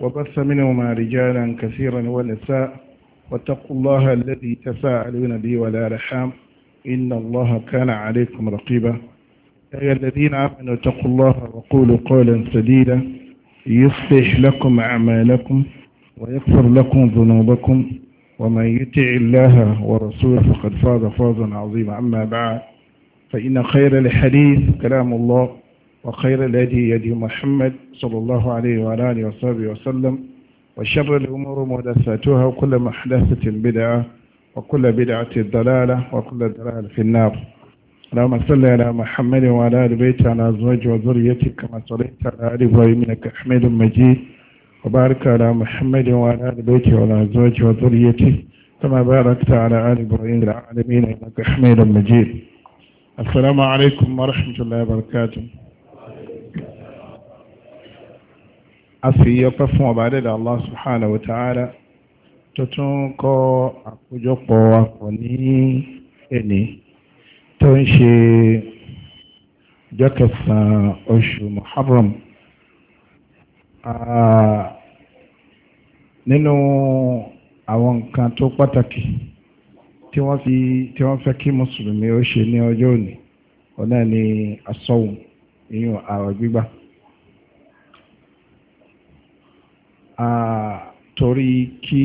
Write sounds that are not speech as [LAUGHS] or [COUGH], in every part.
وبث منهما رجالا كثيرا ونساء واتقوا الله الذي تساءلون به ولا رحام إن الله كان عليكم رقيبا أي الذين آمنوا اتقوا الله وقولوا قولا سديدا يصلح لكم أعمالكم ويغفر لكم ذنوبكم ومن يطع الله ورسوله فقد فاز فوزا عظيما أما بعد فإن خير الحديث كلام الله وخير الهدي يدي محمد صلى الله عليه وعلى آله وصحبه وسلم وشر الأمور محدثاتها وكل محدثة بدعة وكل بدعة ضلالة وكل ضلالة في النار اللهم صل على محمد وعلى آل بيته على أزواجه وذريته كما صليت على آل إبراهيم إنك حميد مجيد وبارك على محمد وعلى آل بيته وعلى أزواجه وذريته كما باركت على آل إبراهيم العالمين إنك حميد مجيد السلام عليكم ورحمة الله وبركاته a fi ọpẹ́ fún ọba dẹ́dà Allah subhanahu wa ta'ala tó kọ àkójọpọ̀ akọ̀ ní ẹni tó ń ṣe jọ́kẹsàn oṣù Muharram nínú àwọn nǹkan tó pàtàkì tí wọ́n fẹ́ kí mùsùlùmí ó ṣe ní ni asọ́wùn ìyún gbígbà torí kí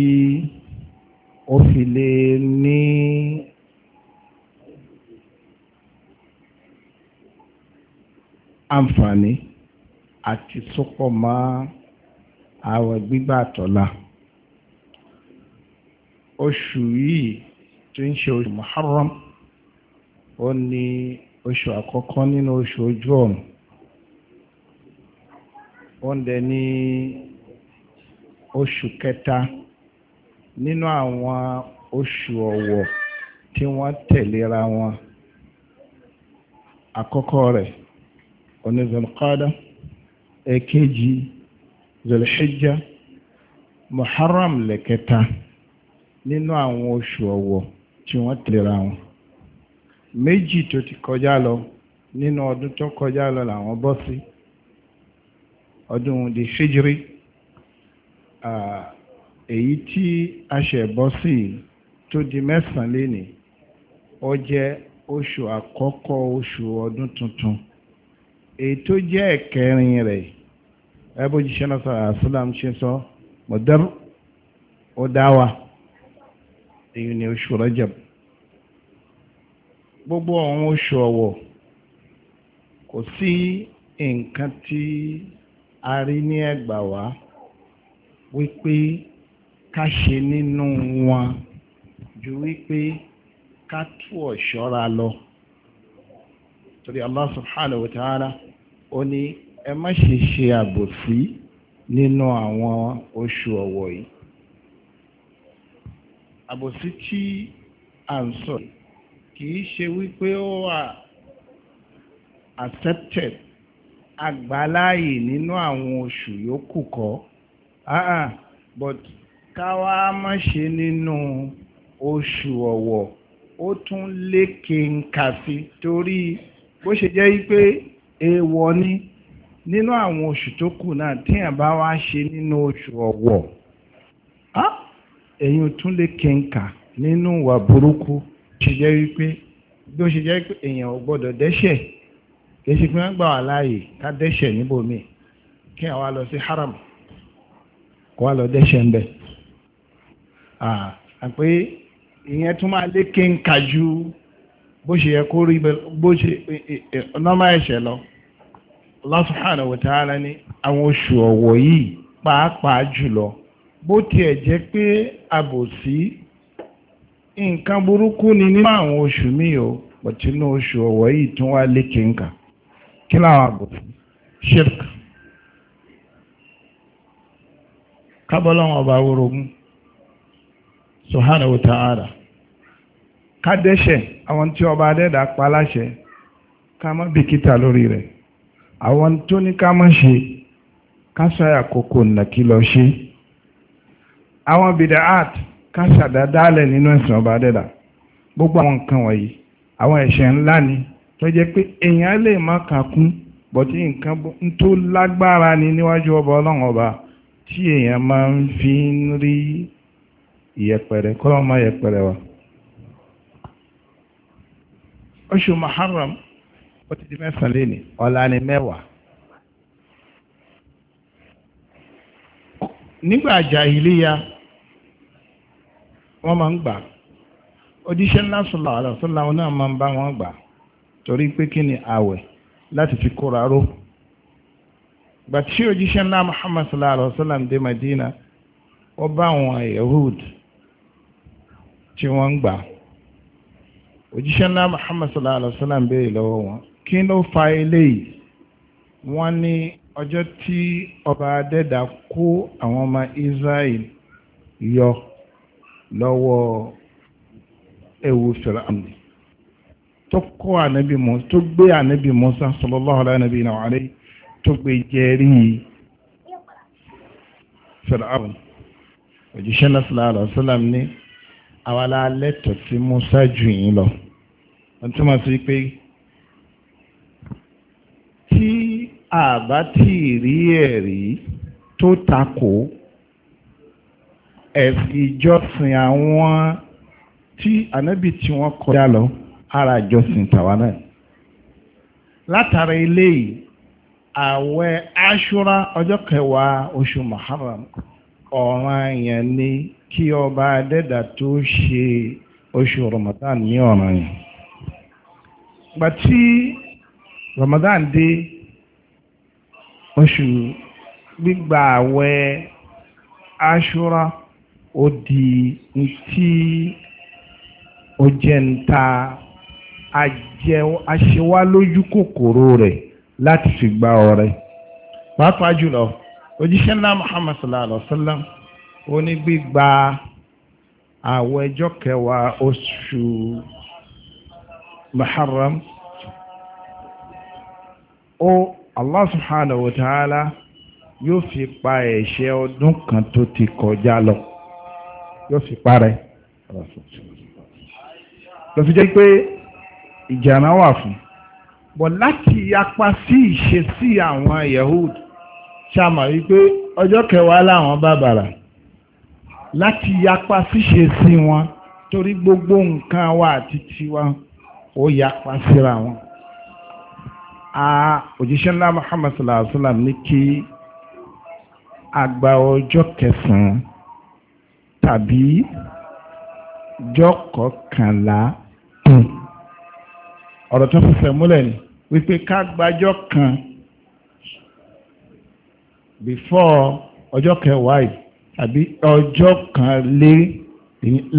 ó fi lè ní àǹfààní àti sọ́pọ̀ mọ́ àwẹ̀ gbígbà tọ́lá oṣù yìí tí ń ṣe oṣù Muharram ó ní oṣù àkọ́kọ́ nínú oṣù ojú ọ̀run ó ń dẹ ní oṣù kẹta nínú àwọn oṣù ọ̀wọ̀ tí wọ́n tẹ̀léra wọn àkọ́kọ́ rẹ̀ oní zulqada èkejì zulhijja muharram lẹ́kẹta nínú àwọn oṣù ọ̀wọ̀ tí wọ́n tẹ̀léra wọn méjì tó ti kọjá lọ nínú ọdún tó kọjá lọ làwọn bọ́ sí ọdún di hijri èyí tí a ṣẹ̀ bọ́ sí tó di mẹ́sàn-án léni ó jẹ́ oṣù àkọ́kọ́ oṣù ọdún tuntun èyí tó jẹ́ ẹ̀kẹrin rẹ̀ ẹbójú ṣẹ́nà sọ̀rọ̀ ṣe sọ mọ̀dẹ́rù ó dá ni oṣù gbogbo àwọn oṣù ọ̀wọ̀ kò sí nǹkan a rí ní ẹ̀gbà wá. wípé ká ṣe nínú wọn ju wípé ká tú ọ̀ṣọ́ra lọ torí Allah subhanahu wa ta'ala ó ní ẹ má ṣe ṣe àbòsí nínú àwọn oṣù ọ̀wọ̀ yìí àbòsí tí à ń sọ kìí ṣe wípé ó wà accepted àgbáláyè nínú àwọn oṣù yòókù kọ́ Ah, ah but káwa má ṣe nínú oṣù ọ̀wọ̀ ó tún lékè nkàfi torí bó ṣe jẹ́ pé èèwọ̀ ni nínú àwọn oṣù tó kù náà téèyàn bá wá ṣe nínú oṣù ọ̀wọ̀ èyàn tún lékè nkà nínú ìwà burúkú ṣe jẹ́ wípé bí ó ṣe jẹ́ pé èèyàn ò gbọ́dọ̀ dẹ́ṣẹ̀ kì í ṣe pé wọ́n gbà wá láàyè ká dẹ́ṣẹ̀ níbòmíì kí àwa lọ sí haram kó wá lọ dẹ́ṣẹ̀ ń bẹ̀. àpé ìyẹn tún máa lékè ń kà ju bó ṣe yẹ kó rí bó ṣe nọ́mà ẹ̀ṣẹ̀ lọ Allah subhanahu wa ta'ala ní àwọn oṣù ọ̀wọ̀ yìí pàápàá jùlọ bó tiẹ̀ jẹ́ pé àbòsí nǹkan burúkú ni nínú àwọn oṣù míì o pọ̀tínú oṣù ọ̀wọ̀ yìí tún wá lékè ń kà kí láwọn àbòsí shirk kábọ́lọ́wọ́n ọba orogún subhanahu wa ta'ala kádẹ́ṣẹ̀ àwọn tí ọba adẹ́dà pa láṣẹ ká má bìkítà lórí rẹ̀ àwọn tó ní ká má ṣe kásáyà kòkò nàkí lọ ṣe àwọn bìdà art kásàdá nínú ẹ̀sìn ọba adẹ́dà gbogbo àwọn nǹkan wọ̀nyí àwọn ẹ̀ṣẹ̀ ńlá ni tó jẹ́ pé èèyàn lè má kàkún bọ̀tí nǹkan tó lágbára ni níwájú ọba ọlọ́run ọba tí èèyàn máa ń fi ń rí ìyẹpẹrẹ kọ́lọ́ máa yẹpẹrẹ wa oṣù Muharram ó ti di mẹ́sàn léni ọ̀la ni mẹ́wàá nígbà jahiliya wọ́n máa ń gbà odíṣẹ́ ńlá sọ̀lá àlọ́ sọ̀lá wọn náà máa ń bá wọn gbà torí pé kí ni àwẹ̀ láti fi kóra ró. gbàtí ṣé òjíṣẹ́ ńlá Muhammad sallallahu alaihi wa sallam Madina ó bá àwọn Yahud tí wọ́n ń gbà òjíṣẹ́ ńlá Muhammad sallallahu alaihi wa sallam béèrè lọ́wọ́ wọn kí ló fa eléyìí wọ́n ní ọjọ́ tí ọba adẹ́dà kó àwọn ọmọ Israel yọ lọ́wọ́ ewu fìràmì tó kó ànábì Mùsá tó gbé ànábì Mùsá sallallahu tó gbé jẹ́rí fìràwùn òjíṣẹ́ náà sílá àlọ́sílám ní awala lẹ́tọ̀ sí Musa jù yín lọ wọ́n túmọ̀ sí pé tí àbá tí rí ẹ̀rí tó takò ẹ̀sìn àwọn tí ànábì tí wọ́n kọjá lọ ara ìjọsìn tàwa náà látara eléyìí àwẹ̀ aṣúra ọjọ́ kẹwàá oṣù muharram ọ̀ràn yẹn ni kí ọba adẹ́dà tó ṣe oṣù ramadan ní ọ̀ràn yẹn gbàtí ramadan dé oṣù gbígba àwẹ̀ aṣúra ó di ntí ó jẹ́ ń ta kòkòrò rẹ̀. láti fi gba ọrẹ pàápàá jùlọ òjíṣẹ́ ńlá Muhammad sallallahu alaihi wa sallam ó ní gbígba àwọ̀ ẹjọ́ kẹwàá oṣù Muharram ó Allah subhanahu wa ta'ala yóò fi pa ẹ̀ṣẹ̀ ọdún kan tó ti kọjá lọ yóò fi parẹ́ lọ fi jẹ́ pé ìjànà wà fún bọ̀ láti yapa sí ìṣesí àwọn Yahud ṣàmà wípé ọjọ́ kẹwàá làwọn bàbàrà láti yapa síṣe sí wọn torí gbogbo nǹkan wa àti tiwa ó yapa síra wọn a òjíṣẹ́ ńlá Muhammad sallallahu alaihi wa sallam ní kí àgbà ọjọ́ kẹsàn-án tàbí jọ́kọ̀ọ́kànlá ọ̀rọ̀ tó fẹsẹ̀ múlẹ̀ ni wípé ká gbàjọ́ kan before ọjọ́ kẹwàá yìí àbí ọjọ́ kan lé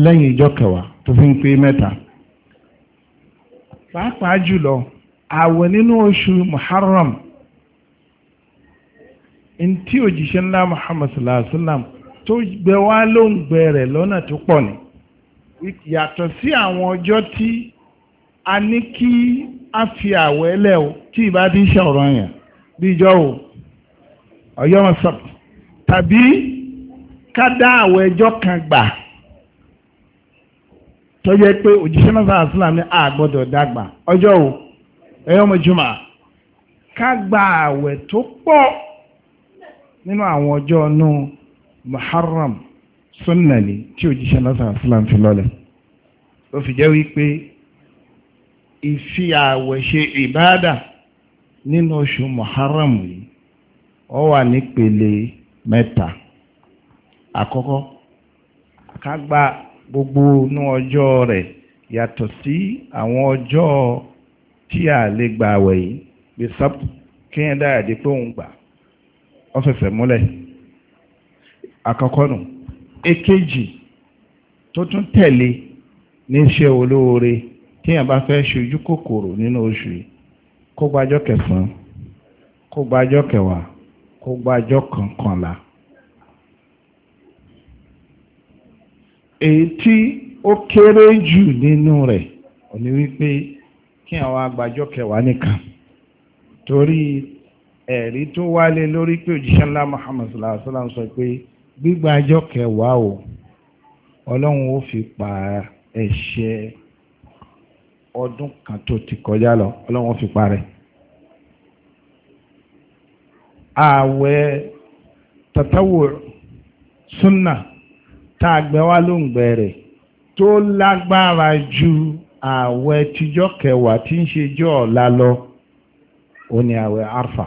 lẹ́yìn ọjọ́ kẹwàá tó fi ń pé mẹ́ta pàápàá jùlọ àwẹ̀ nínú oṣù Muharram ntí òjíṣẹ́ ńlá Muhammad sallallahu alaihi wa sallam tó gbẹ wá ló ń gbẹ rẹ̀ lọ́nà tó pọ̀ ní yàtọ̀ sí àwọn ọjọ́ tí a ní kí a fi àwẹ̀ lẹ̀ o tí ìbá ti ń ṣàwòrán yẹn bí ìjọ o ọ̀yọ́ wọn sọ tàbí ká dá àwẹ̀ ẹjọ́ kan gbà tó jẹ́ pé òjíṣẹ́ náà sáà sílám ní a dàgbà ọjọ́ o ẹ̀yọ́ ọmọ jùmọ̀ ká gba àwẹ̀ tó pọ̀ nínú àwọn ọjọ́ ọ̀nù Muharram sunnani tí òjíṣẹ́ náà sáà sílám fi lọ́lẹ̀ ó fi jẹ́ wípé ìfi àwẹ̀ ṣe ìbáàdà nínú oṣù Muharram yìí ó wà nípele mẹ́ta àkọ́kọ́ ká gba gbogbo inú ọjọ́ rẹ̀ yàtọ̀ sí àwọn ọjọ́ tí a lè gba àwẹ̀ yìí bí sábà kí yẹn dára di pé òun gbà ó fẹsẹ̀ múlẹ̀ àkọ́kọ́ nù èkejì tó tún tẹ̀lé ní iṣẹ́ olóore tíyàn bá fẹ́ ṣojú kòkòrò nínú oṣù yìí kó gbájọ́ kẹsàn-án kó gbájọ́ kẹwàá kó gbájọ́ kọ̀ọ̀kànlá èyí tí ó kéré jù nínú rẹ̀ ò wípé kí àwọn agbájọ́ kẹwàá nìkan torí ẹ̀rí tó wálé lórí pé òjíṣẹ́ ńlá Muhammad sallallahu alaihi wasallam sọ pé gbígbájọ́ kẹwàá o ọlọ́run ó fi pa ẹ̀ṣẹ̀ ọdún kan tó ti kọjá lọ ọlọ́wọ́n fi parẹ́ ààwẹ̀ tatawo sunna tá a gbẹ wá ló ń gbẹ rẹ̀ tó lágbára ju ààwẹ̀ tíjọ́ kẹwàá tí ń ṣe jọ́ ọ̀la lọ ó ní ààwẹ̀ arfa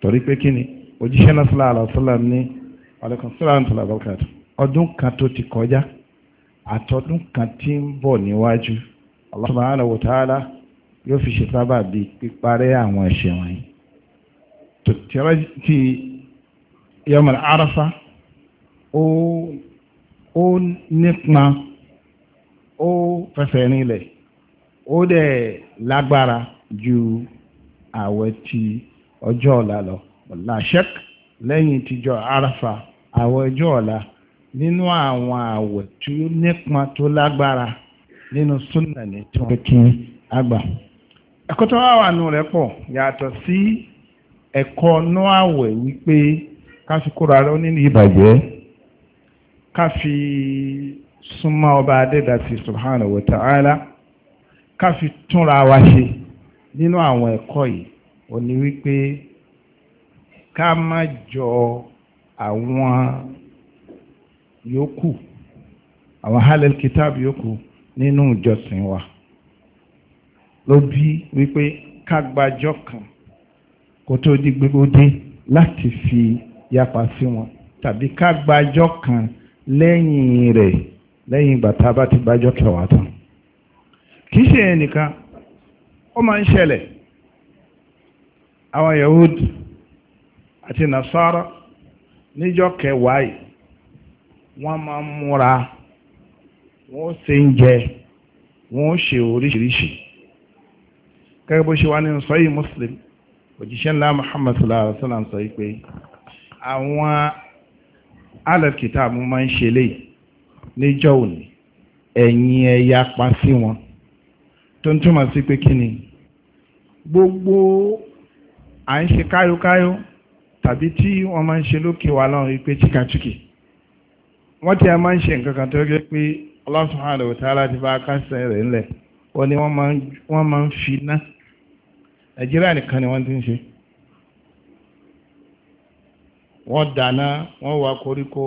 torí pé kí ni òjíṣẹ́ náà sallallahu alaihi ní alaikum salaam tó làbọ̀kàtà ọdún kan tó ti kọjá àtọdún kan tí ń bọ̀ níwájú. Allah subhanahu wa ta'ala yóò fi ṣe sábà bí píparẹ́ àwọn ẹ̀ṣẹ̀ wọ̀nyí tòtìrẹ́ ti yọmọ arafa ó ó nípa ó fẹsẹ̀ rinlẹ̀ ó dẹ̀ lágbára ju àwẹ̀ ti ọjọ́ ọ̀la lọ làṣẹ́k lẹ́yìn tíjọ arafa àwẹ̀ ọjọ́ ọ̀la nínú àwọn àwẹ̀ tí nípa tó lágbára nínú súnà ní tí wọ́n kí àgbà ẹ̀kọ́ tó wà wà nù rẹ̀ pọ̀ yàtọ̀ sí ẹ̀kọ́ nọ́àwẹ̀ wípé ká fi kóra nínú ìbàjẹ́ ká fi ọba adédàsí subhanahu wa ta'ala ká fi túnra wa ṣe nínú àwọn ẹ̀kọ́ yìí ò ní wípé ká má jọ àwọn yòókù àwọn halal kitab yòókù nínú ìjọsìn wa ló bí wípé kágbàjọ kan kó tó di gbogbo dé láti fi yapa sí wọn tàbí kágbàjọ kan lẹ́yìn rẹ̀ lẹ́yìn bàtà bá ti gbàjọ kẹwàá tán kì í ṣe ẹnìkan ó máa ń ṣẹlẹ̀ àwọn Yahudi àti Nasara níjọ́ kẹwàá yìí wọ́n máa ń múra wọ́n ṣe ń jẹ wọ́n ṣe oríṣiríṣi gẹ́gẹ́ bó ṣe wá nínú sọ́yìn muslim òjíṣẹ́ ńlá muhammad sallallahu alaihi wasallam sọ pé àwọn alẹ́kìtà mú máa ń ṣe léyìí níjọ́ òní ẹ̀yin ẹ̀yà pa sí wọn tó ń túmọ̀ sí pé kí ni gbogbo à ń ṣe káyókáyó tàbí tí wọ́n máa ń ṣe lókè wa lọ́rùn pé chikachuki wọ́n ti máa ń ṣe nǹkan kan tó yẹ pé Allah subhanahu wa ta'ala ti bá kásẹ̀ rẹ̀ ńlẹ̀ ó ní wọ́n máa ń fi ná nàìjíríà nìkan ni wọ́n ti ń ṣe wọ́n dáná wọ́n wá koríko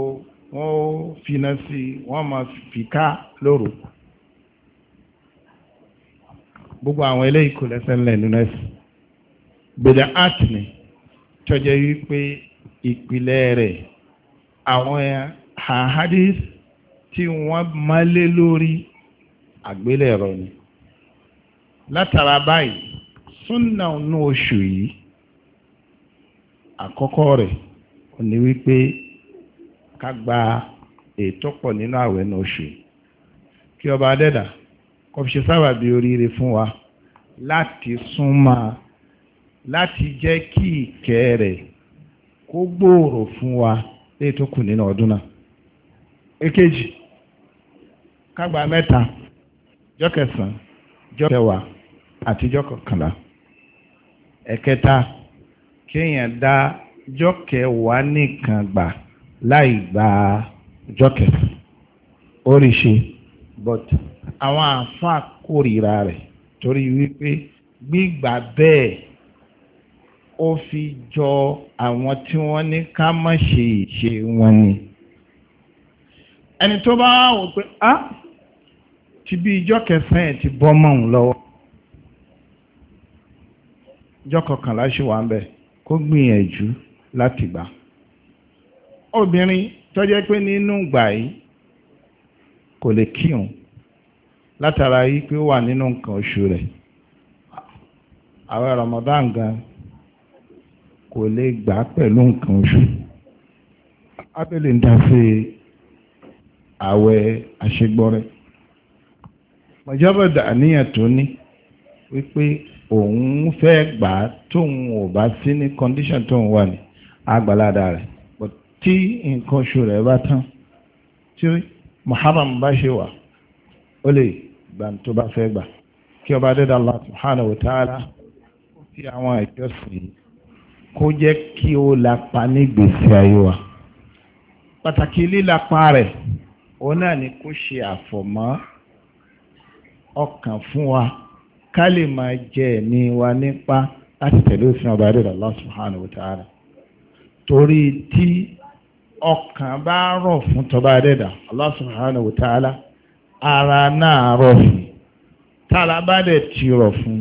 wọ́n finá sí wọ́n máa fi ká lóru gbogbo àwọn eléyìí kò lẹ́sẹ̀ ńlẹ̀ nínú ẹ̀sìn gbèdà art ni tọ́jẹ́ wípé ìpìlẹ̀ rẹ̀ àwọn ahadis tí wọ́n mọ́lé lórí àgbélẹ̀rọ ni látara báyìí súnà inú oṣù yìí àkọ́kọ́ rẹ̀ ò ní wípé ká gba ètò pọ̀ nínú àwẹ̀ inú oṣù kí ọba adẹ́dà kó fi ṣe oríire fún wa láti súnmọ́ láti jẹ́ kí ìkẹ́ rẹ̀ kó gbòòrò fún wa léètò kù nínú ọdún náà èkejì kágbà mẹ́ta jọ́ kẹsàn-án jọ́ kẹwàá àti jọ́ kọkànlá ẹ̀kẹta kéèyàn dá jọ́ kẹwàá nìkan gbà láì gba jọ́ kẹsàn-án oríṣi but àwọn àáfàá kórìíra rẹ̀ torí wípé gbígbà bẹ́ẹ̀ ó fi jọ àwọn tí wọ́n ní ká má ṣe ìṣe wọn ni ẹni tó bá wò pé ah ti bí ijọ́ kẹsàn-án ẹ̀ ti bọ́ mọ́ òun lọ́wọ́ ijọ́ kọkànlá ṣe wà ń bẹ̀ kó gbìyànjú láti gbà obìnrin tó jẹ́ pé nínú ìgbà yìí kò lè kírun látara yìí pé ó wà nínú nǹkan oṣù rẹ̀ àwọn Ramadan gan kò lè gbà pẹ̀lú nǹkan oṣù abẹ́lẹ̀ ń dá sí àwẹ̀ àṣegbọ́rẹ́ pàjábọ̀dà àníyàn tó ní wípé òun fẹ́ gbà á tóun ò bá sí ní condition tóun wà ní àgbàládà rẹ̀ tí nǹkan oṣù rẹ̀ bá tán tí muharram bá ṣe wà ó lè gbà tó bá fẹ́ gbà kí ọba dẹ́dà Allah subhanahu wa ta'ala ó fi àwọn ìjọsìn yìí kó jẹ́ kí ó lapa ní gbèsè ayé wa pàtàkì lílapa rẹ̀ òun náà ni kó ṣe àfọ̀mọ́ ọkàn fún wa ká lè máa jẹ ẹ̀mí wa nípa láti tẹ̀lé òfin ọba ẹ̀rọ Allah subhanahu wa torí tí ọkàn bá rọ̀ fún tọba ẹ̀dẹ̀dà Allah subhanahu wa ara náà rọ̀ fún tára bá dẹ̀ ti rọ̀ fún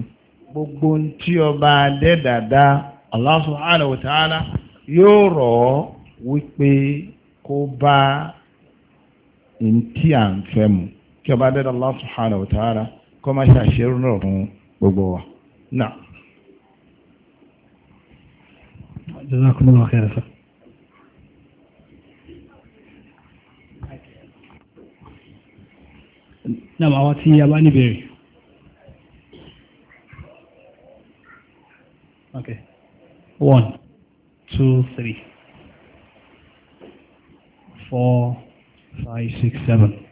gbogbo tí ọba ẹ̀dẹ̀dà dá Allah subhanahu wa yóò rọ̀ wípé kó bá ntí à ń fẹ́ mu. kí ọba dẹ́dọ̀ Allah subhanahu wa ta'ala kọ́ máa ṣàṣírò náà fún gbogbo wa náà. Jazakumullahu khairan sir. Náà àwọn tí a bá níbẹ̀rẹ̀. Okay. One, two, three, four, five, six, seven.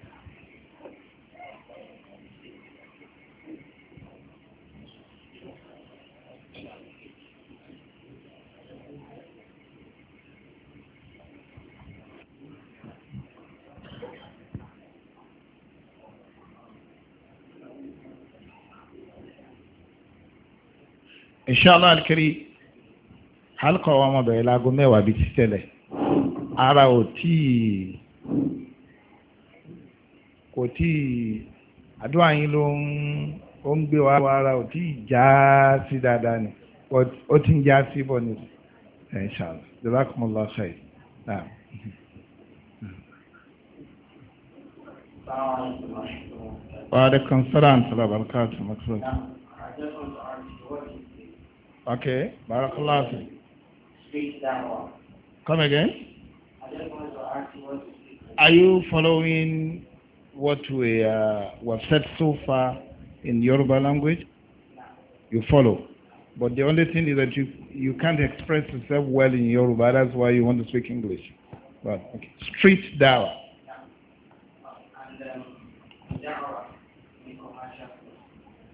inshallah alikiri halkọ wa ọmọ bẹ̀rẹ̀ láago mẹ́wàá bíi ti tẹ́lẹ̀ ara ò tí kò tí àdúrà yín ló ń ó ń gbé wa ara ò tí já sí dáadáa ni ó ti ń já sí bọ̀ ni inshallah jazakumullahu khair naam. Wa alaikum salaam wa rahmatullahi wa barakatuh. Okay, Barakallah. Come again. Are you following what we uh, have said so far in Yoruba language? You follow. But the only thing is that you, you can't express yourself well in Yoruba. That's why you want to speak English. But, okay. Street dawa.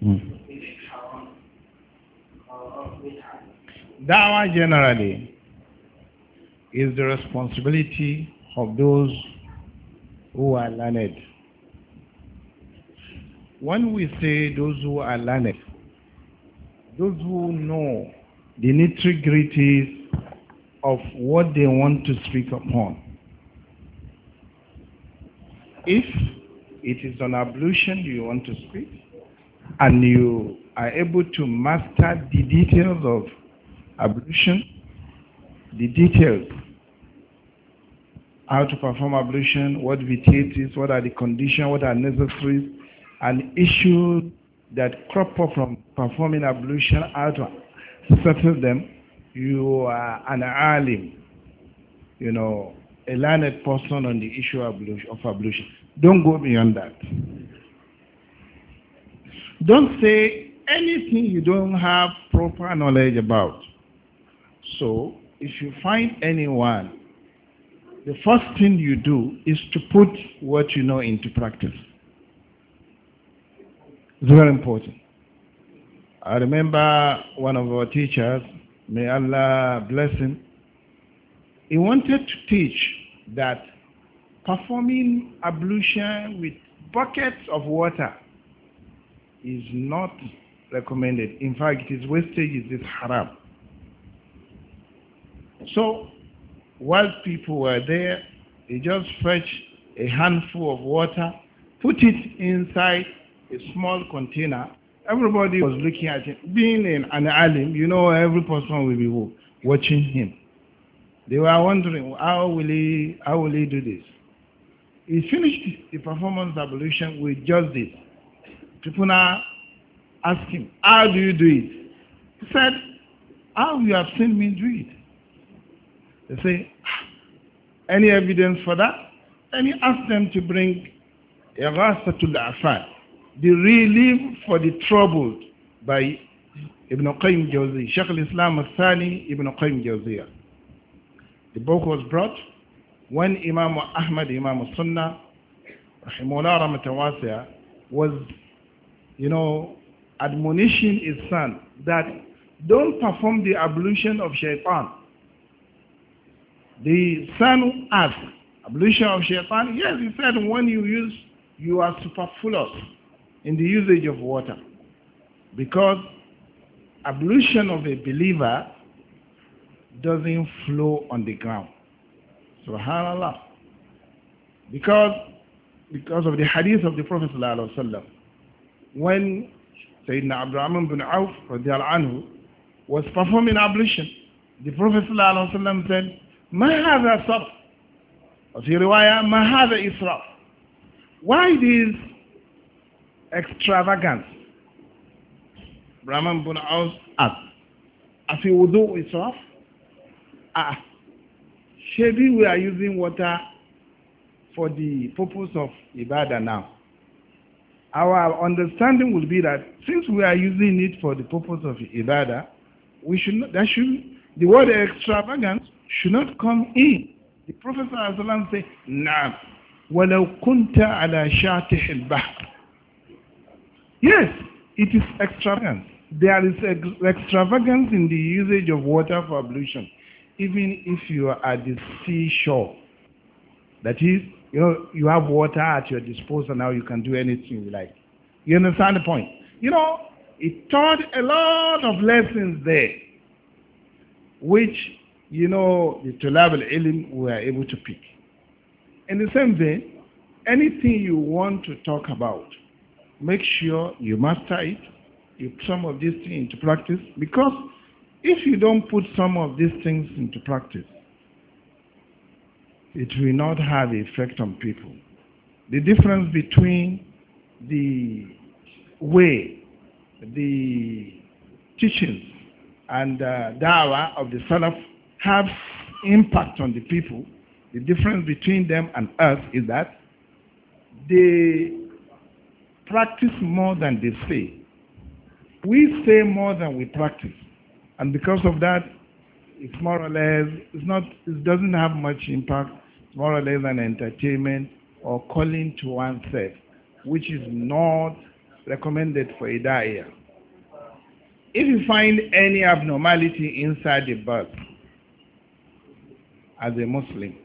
Mm. Dawa generally is the responsibility of those who are learned. When we say those who are learned, those who know the nitty-gritties of what they want to speak upon. If it is an ablution you want to speak, and you are able to master the details of ablution, the details, how to perform ablution, what is, what are the conditions, what are necessary, and issues that crop up from performing ablution, how to settle them. You are an alim, you know, a learned person on the issue of ablution. Don't go beyond that. Don't say anything you don't have proper knowledge about. So, if you find anyone, the first thing you do is to put what you know into practice. It's very important. I remember one of our teachers, may Allah bless him, he wanted to teach that performing ablution with buckets of water is not recommended. In fact, it is wastage, it is haram. So while people were there, he just fetched a handful of water, put it inside a small container. Everybody was looking at him. Being in an alim, you know every person will be watching him. They were wondering, how will he, how will he do this? He finished the performance evolution with just this. People now ask him, how do you do it? He said, how you have seen me do it? They say, any evidence for that? And he asked them to bring Irasatul Afan, the relief for the troubled by Ibn Qayyim Jawzi, Sheikh al-Islam al-Thani Ibn Qayyim Jawziyah. The book was brought when Imam Ahmad, Imam al-Sunnah, Rahimullah Ramatawasiyah, was, you know, admonishing his son that don't perform the ablution of shaitan The sun as ablution of shaitan, yes, he said when you use, you are superfluous in the usage of water. Because ablution of a believer doesn't flow on the ground. Subhanallah. Because, because of the hadith of the Prophet ﷺ, when Sayyidina Abraham bin Auf anhu, was performing ablution, the Prophet ﷺ said, ما هذا صرف وفي رواية ما هذا إسراف why this extravagance Brahman bin Aus asked àfi wudu israf ah ṣebí we are using water for the purpose of ibadah now our understanding will be that since we are using it for the purpose of ibadah we should that should the word extravagance should not come in. The Prophet ﷺ said, Naam, walau kunta ala shatih al-bahr. Yes, it is extravagant. There is extravagance in the usage of water for ablution, even if you are at the seashore. That is, you know, you have water at your disposal now, you can do anything you like. You understand the point? You know, it taught a lot of lessons there, which you know, the Tulab al we are able to pick. In the same vein, anything you want to talk about, make sure you master it, you put some of these things into practice, because if you don't put some of these things into practice, it will not have effect on people. The difference between the way, the teachings, and uh, dawah of the Salaf have impact on the people, the difference between them and us is that they practice more than they say. We say more than we practice. And because of that, it's more or less, it's not, it doesn't have much impact. It's more or less an entertainment or calling to oneself, which is not recommended for a diet. If you find any abnormality inside the birth, as a Muslim,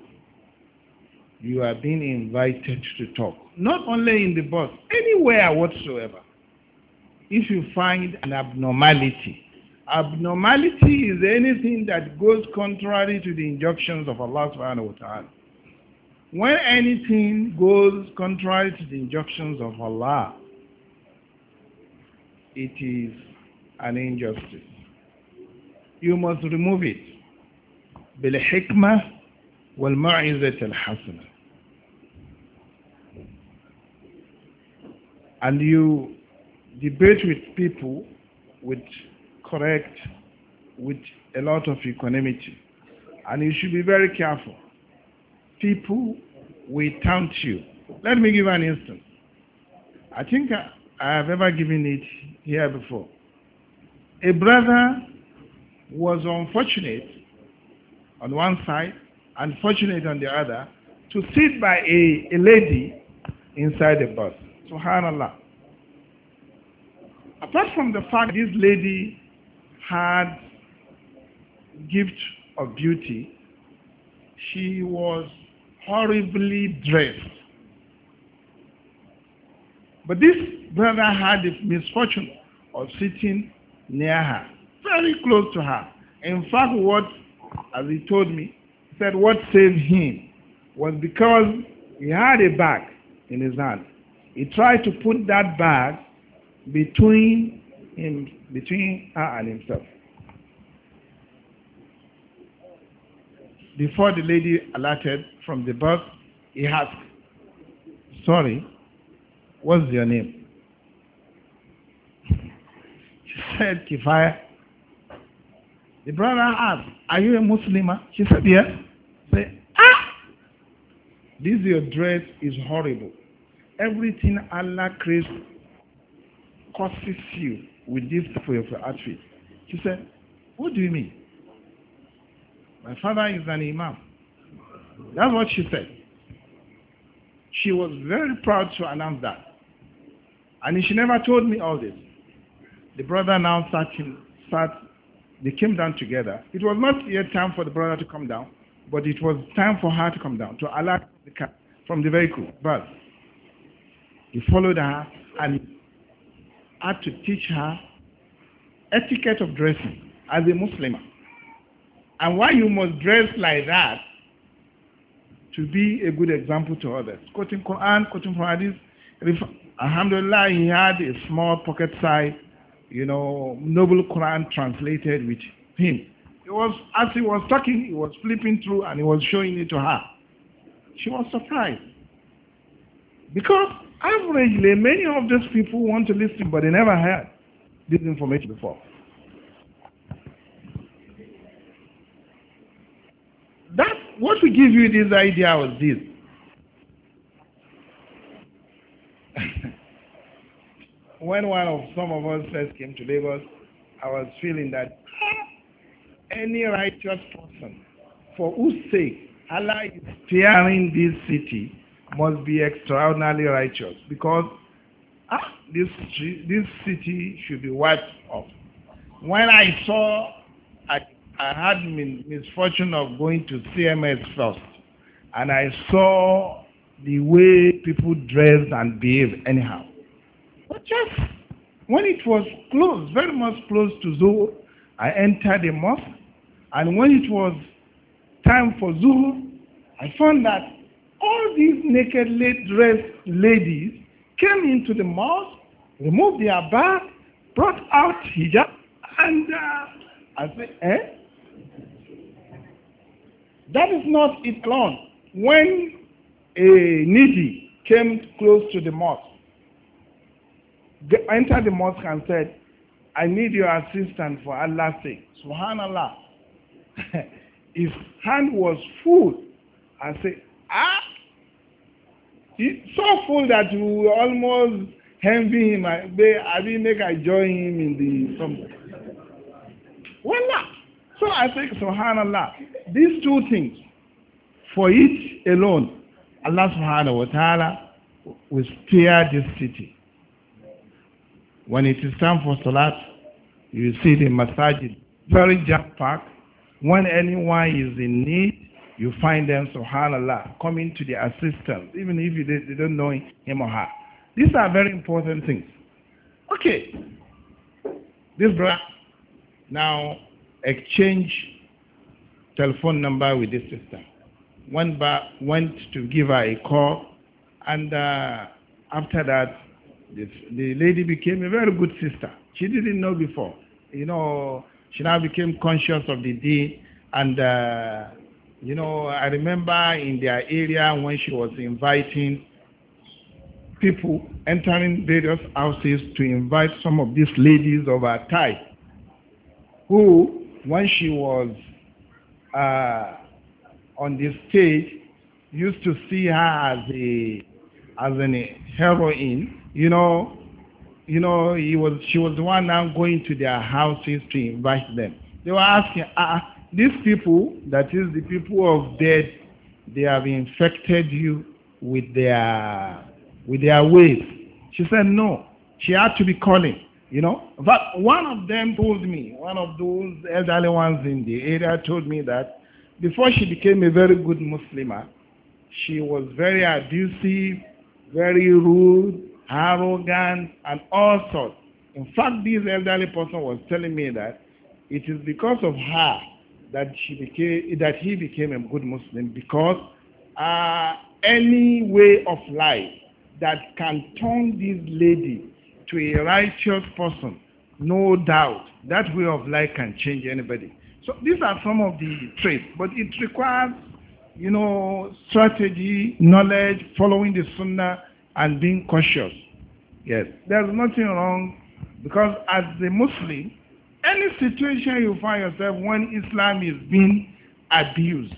you are being invited to talk, not only in the bus, anywhere whatsoever. If you find an abnormality, abnormality is anything that goes contrary to the injunctions of Allah subhanahu wa ta'ala. When anything goes contrary to the injunctions of Allah, it is an injustice. You must remove it. بالحكمة والمعزة الحسنة and you debate with people with correct with a lot of equanimity and you should be very careful people will taunt you let me give an instance I think I have ever given it here before a brother was unfortunate on one side and fortunate on the other to sit by a, a lady inside the bus. Subhanallah. Apart from the fact this lady had gift of beauty, she was horribly dressed. But this brother had the misfortune of sitting near her, very close to her. In fact, what as he told me, he said what saved him was because he had a bag in his hand. He tried to put that bag between him, between her and himself. Before the lady alerted from the bus, he asked, sorry, what's your name? She said, Kifaya. The brother asked, Are you a Muslim?" She said, Yes. Say, Ah! This your dress is horrible. Everything Allah creates curses you with this for your outfit. She said, What do you mean? My father is an imam. That's what she said. She was very proud to announce that. And she never told me all this. The brother now sat, in, sat They came down together. It was not yet time for the brother to come down, but it was time for her to come down, to alert the car from the vehicle. But he followed her and had to teach her etiquette of dressing as a Muslim. And why you must dress like that to be a good example to others. Quoting Quran, quoting from Hadith, Alhamdulillah, he had a small pocket size you know, Noble Quran translated with him. It was, as he was talking, he was flipping through and he was showing it to her. She was surprised. Because averagely, many of these people want to listen, but they never heard this information before. That, what we give you this idea was this. when one of some of us first came to Lagos, I was feeling that any righteous person for whose sake Allah is steering this city must be extraordinarily righteous because ah, this, this city should be wiped off. When I saw, I, I had min, misfortune of going to CMS first and I saw the way people dress and behave. anyhow. But just when it was close, very much close to Zuhr, I entered the mosque. And when it was time for Zuhr, I found that all these naked late dressed ladies came into the mosque, removed their bag, brought out hijab, and uh, I said, eh? That is not it alone. When a needy came close to the mosque, entered the mosque and said, I need your assistance for Allah's sake. Subhanallah. [LAUGHS] His hand was full. I say, ah! He's so full that you almost envy him. I didn't make I join him in the something. Wallah. So I think, subhanallah, these two things, for each alone, Allah subhanahu wa ta'ala will spare this city. When it is time for Salat, you see the masajid very jam-packed. When anyone is in need, you find them, subhanAllah, coming to the assistance, even if they, they don't know him or her. These are very important things. Okay. This brother now exchange telephone number with this sister. One went to give her a call, and uh, after that, The, the lady became a very good sister. She didn't know before. You know, she now became conscious of the day. And, uh, you know, I remember in their area when she was inviting people entering various houses to invite some of these ladies of her type who, when she was uh, on the stage, used to see her as a as an heroine you know, you know, he was, she was the one now going to their houses to invite them. They were asking, ah, ah, these people, that is the people of dead, they have infected you with their, with their ways. She said, no, she had to be calling, you know. But one of them told me, one of those elderly ones in the area told me that before she became a very good Muslimah, she was very abusive, very rude, arrogant, and all sorts. In fact, this elderly person was telling me that it is because of her that she became that he became a good Muslim because uh, any way of life that can turn this lady to a righteous person, no doubt, that way of life can change anybody. So these are some of the traits, but it requires, you know, strategy, knowledge, following the sunnah, and being cautious. Yes, there's nothing wrong because as a Muslim, any situation you find yourself when Islam is being abused,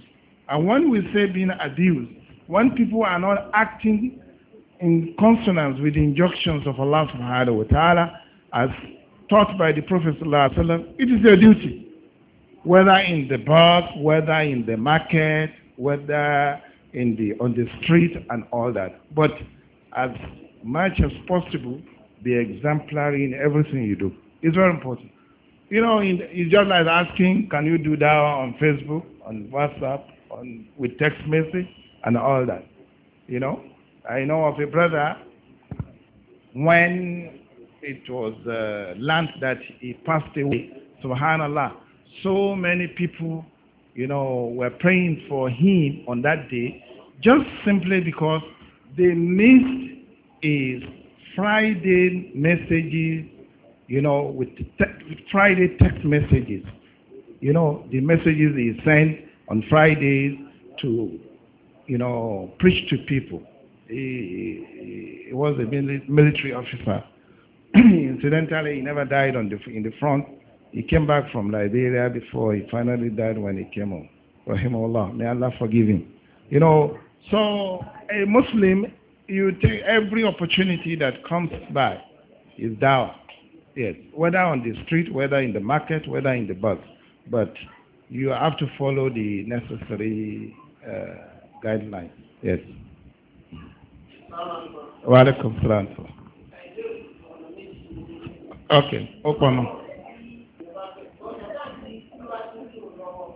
and when we say being abused, when people are not acting in consonance with the injunctions of Allah subhanahu wa ta'ala as taught by the Prophet sallallahu alaihi wasallam, it is your duty. Whether in the bus, whether in the market, whether in the on the street and all that. But as much as possible be exemplary in everything you do. It's very important. You know, in, it's just like asking, can you do that on Facebook, on WhatsApp, on with text message, and all that. You know, I know of a brother when it was uh, learned that he passed away. Subhanallah. So many people, you know, were praying for him on that day just simply because they missed is Friday messages, you know, with Friday text messages. You know, the messages he sent on Fridays to, you know, preach to people. He, he was a military officer. [CLEARS THROAT] Incidentally, he never died on the, in the front. He came back from Liberia before he finally died when he came home. For him, Allah, may Allah forgive him. You know, So a Muslim, you take every opportunity that comes by is dawah. Yes, whether on the street, whether in the market, whether in the bus. But you have to follow the necessary uh, guidelines. Yes. Wa alaikum salam. Okay, open.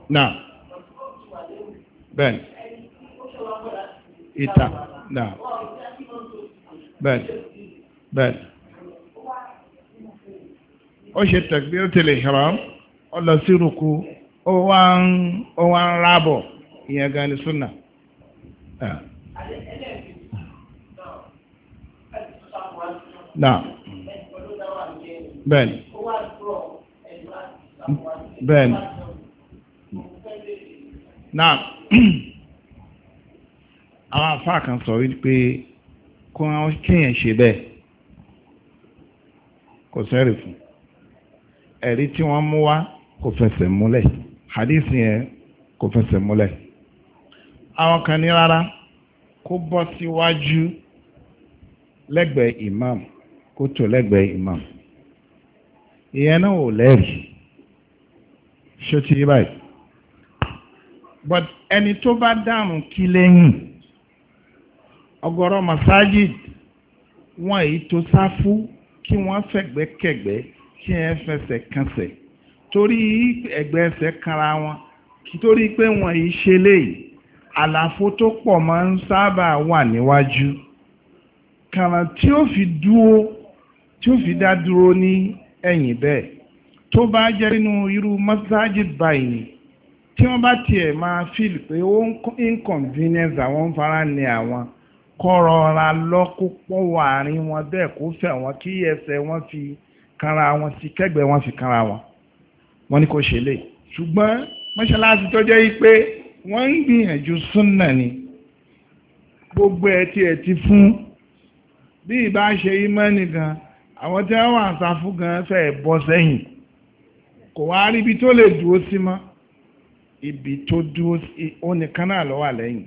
Now, Ben. ita, na bẹ́ẹ̀ bẹ́ẹ̀ o ṣe takbiratul ihram ó lọ sí rúkú ó wá ń rábọ̀ ìyẹn gan ni súnà. [CLEARS THROAT] àwọn afá kan sọ wípé kó wọn kéèyàn ṣe bẹ́ẹ̀ kò sẹ́rì fún ẹ̀rí tí wọ́n mú wá kò fẹsẹ̀ múlẹ̀ hadith yẹn kò fẹsẹ̀ múlẹ̀ àwọn kan ní rárá kó bọ́ síwájú lẹ́gbẹ̀ẹ́ imam kó tó lẹ́gbẹ̀ẹ́ imam ìyẹn náà ò lẹ́rìí ṣó ti rí báyìí but ẹni tó bá dárùn kí lẹ́yìn ọ̀gọ̀rọ̀ masajid wọn èyí tó sáfú kí wọ́n fẹ̀gbẹ́kẹ̀gbẹ́ kí wọ́n fẹsẹ̀ kànsẹ̀ torí ẹ̀gbẹ́ ẹsẹ̀ kanra wọn torí pé wọn èyí ṣe léyìí àlàfo tó pọ̀ máa ń sábà wà níwájú kànà tí ó fi dúró tí ó fi dá dúró ní ẹ̀yìn bẹ́ẹ̀ tó bá jẹ́ nínú irú masajid báyìí tí wọ́n bá tiẹ̀ máa fíìlì pé ó ń inconvenience àwọn ń fara ní àwọn kọ́rọ̀ra lọ kó pọ̀ wọ àárín wọn bẹ́ẹ̀ kó fẹ̀ wọn kí ẹsẹ̀ wọn fi kanra wọn sí kẹ́gbẹ́ wọn fi kanra wọn wọn ni kò ṣe lè ṣùgbọ́n mọ́ṣáláṣí tó jẹ́ pé wọ́n ń gbìyànjú súnà ni gbogbo ẹ̀ tí ẹ̀ ti fún bí ìbá ṣe imọ́ nìkan àwọn tí wọ́n wà sáfù gan fẹ́ bọ́ sẹ́yìn kò wá rí ibi tó lè dúró sí mọ́ ibi tó dúró sí ó nìkan náà ló lẹ́yìn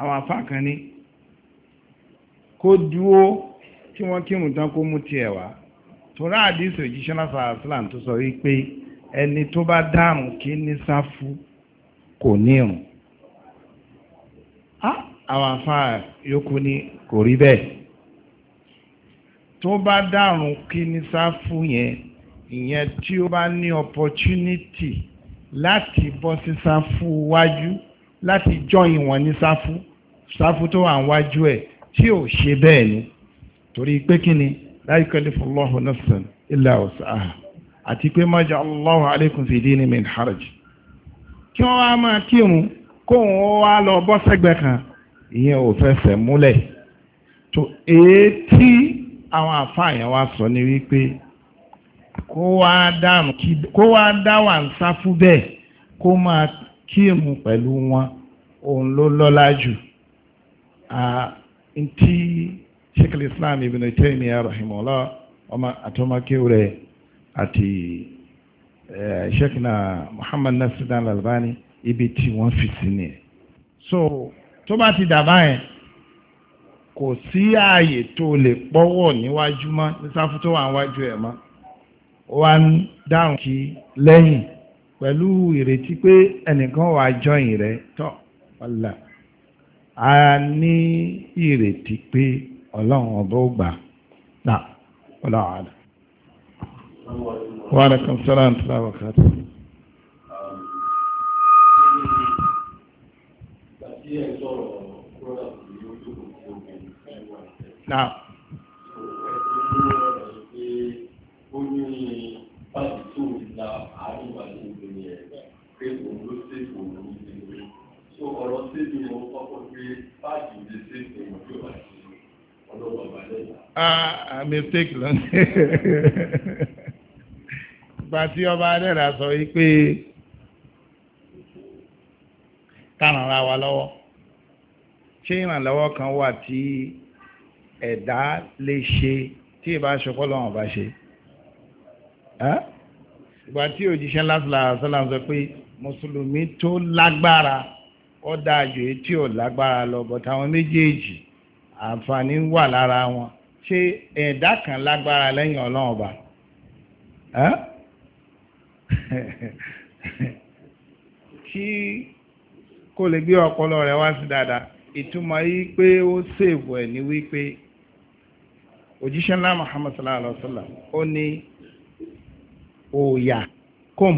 àwọn afá kan ní kó dúó tí wọ́n kírun tán kó mú tiẹ̀ wá torá àdìsí òjíṣẹ́ lásà islam tó sọ wípé ẹni tó bá dárùn kí ní sáfù kò nírun àwọn afá yòókù ní kò rí bẹ́ẹ̀ tó bá dárùn kí ní sáfù yẹn ìyẹn tí ó bá ní opportunity láti bọ́ sí sáfù wájú. Si láti jọyìn wọn ní sáfú sáfú tó wà níwájú ẹ̀ tí ò ṣe bẹ́ẹ̀ ni torí pé kí ni la yukallifu Allahu nafsan illa wus'aha àti pé ma ja'ala Allahu alaykum fi dini min haraj kí wọ́n wá máa kírun kó wọ́n wá lọ bọ́ sẹ́gbẹ̀ẹ́ kan ìyẹn ò fẹsẹ̀ múlẹ̀ tó èétí àwọn àfààyàn wa sọ ni wípé kó wá dá ń sáfú bẹ́ẹ̀ kó máa kíìmù pẹ̀lú wọn òun ló lọ́lá jù ntí sheikh islam ibn Taymiyyah rahimahullah ọmọ àtọmọkéw rẹ̀ àti sheikh Muhammad Nasir al-Albani ibi tí wọ́n fi sí ni so tó bá ti dàbá yẹn kò sí ààyè tó lè pọ́wọ́ níwájú mọ́ ní sáfù tó wà níwájú ẹ̀ mọ́ wọ́n dáhùn kí lẹ́yìn pẹ̀lú ìrètí pé ẹnìkan wà jọyìn rẹ̀ tọ́ ọ̀la a ní ìrètí pé ọlọ́run ọba ó gbà náà ọlọ́run àdá. wa alaikum salaam àti àwọ̀kátà. Now. ah mistake lónìí pàtí ọba adẹ́rà sọ yí pé kárànra wa lọ́wọ́ ṣé ìrànlọ́wọ́ kan wà tí ẹ̀dá lè ṣe tí ìbá ṣọpọ́ lọ́wọ́n bá ṣe ìgbà tí òjíṣẹ́ lásìlá àṣọlá sọ pé mùsùlùmí tó lágbára ó dáa ju etí ò lágbára lọ bọ̀tà àwọn méjèèjì àǹfààní wà lára wọn ṣe ẹ̀dá kan lágbára lẹ́yìn ọlọ́run ọba kí kó lè gbé ọpọlọ rẹ̀ wá sí dáadáa ìtumọ̀ yìí pé ó ṣèwọ ẹ̀ ní wípé òjíṣẹ́ ńlá Muhammad sallallahu alaihi wa sallam ó ní òòyà kòm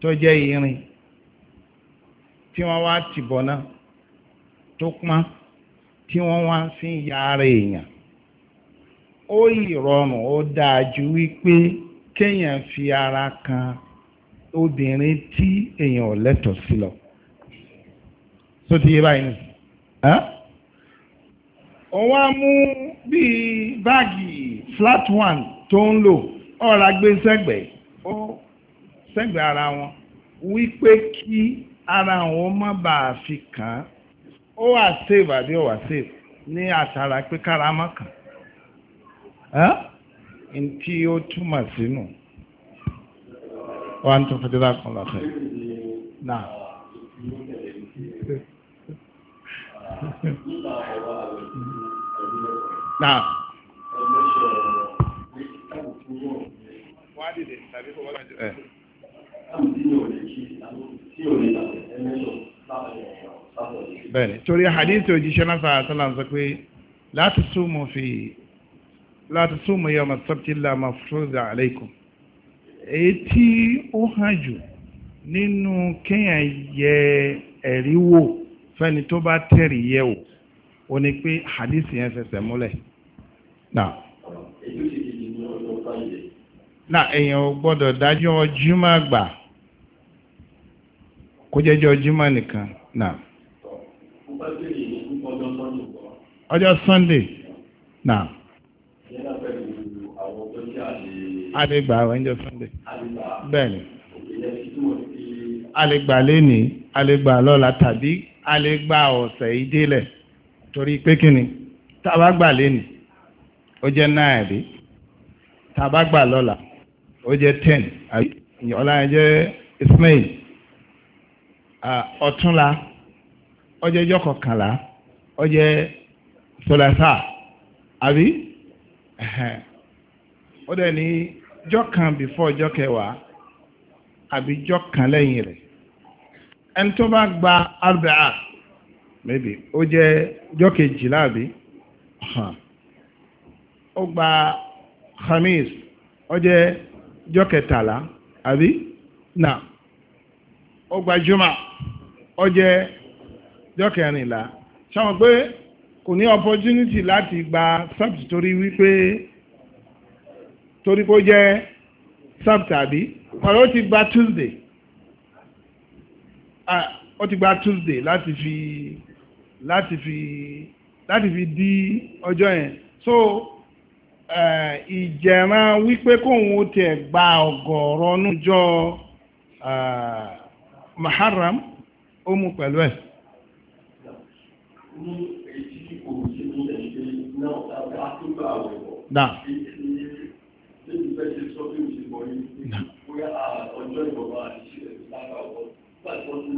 tó jẹ́ irin tí wọ́n wá tìbọ̀ náà tó pọ́n tí wọ́n wá sí yàrá èèyàn ó ìrọ̀rùn ó dáa ju wípé kéèyàn fi ara kan obìnrin tí èèyàn ò lẹ́tọ̀ọ́ sí lọ tó ti yé báyìí nìyí ó wá mú bí báàgì flat one tó ń lò ọ̀rá gbé sẹ́gbẹ̀ẹ́ ó sẹ́gbẹ̀ẹ́ ara wọn wípé kí ara wọn má bàa fi kàn án ó wà save àbí ó wà save ní àtàrà pé kára má kàn n tí ó túmọ̀ sínú wa n tún fẹ́ dára kan lọ́fẹ́ náà. náà. wọ́n á dìde tàbí kò wọ́n lọ́jọ́ torí hadith òjíṣẹ́ náà sọ àtàlà ń sọ pé láti túmọ̀ fi láti súnmọ̀ yọ masabti lama fúrúdà aleikum èyí tí ó hàn jù nínú kéèyàn yẹ ẹ̀rí wò fẹ́ni tó bá tẹ̀rí yẹ wò ó ní pé hadith yẹn fẹsẹ̀ múlẹ̀ náà na èèyàn ò gbọ́dọ̀ dájọ́ jímọ̀ gbà kó jẹ́jọ́ jímọ̀ nìkan na. ọjọ́ sunday na. àlegbà ẹ̀ńjọ́ sunday bẹ́ẹ̀ni àlegbà lẹ́ni àlegbà lọ́la tàbí àlegbà ọ̀sẹ̀ ìdílẹ̀ torí pé kí ni tàbá gbà lẹ́ni ó jẹ́ náà rí tàbá gbà lọ́la ó jẹ́ ten àbí ọ̀la jẹ́ ismail ọ̀túnla ó jẹ́ ọjọ́ kọkànlá ó jẹ́ sọlẹ́sà àbí ó dẹ̀ ní jọ́ kan before ọjọ́ kẹwàá àbí jọ́ kan lẹ́yìn rẹ̀ ẹni tó bá gba arbaa maybe ó jẹ́ jọ́ kejìlá àbí ó gba khamis ó jẹ́ jọ́ kẹtàlá àbí nà ó gba juma ó jẹ́ jọ́ kẹrìnlá ṣáwọn pé kò ní opportunity láti gba sábì torí wípé torí kó jẹ́ sábt àbí ọ̀rọ̀ ó ti gba Tuesday ó ti gba Tuesday láti fi láti fi láti fi di ọjọ́ yẹn so ìjẹ̀ran wípé kóun tiẹ̀ gba ọ̀gọ̀ọ̀rọ̀ nújọ́ maharam ó mú pẹ̀lú ẹ̀. Nah.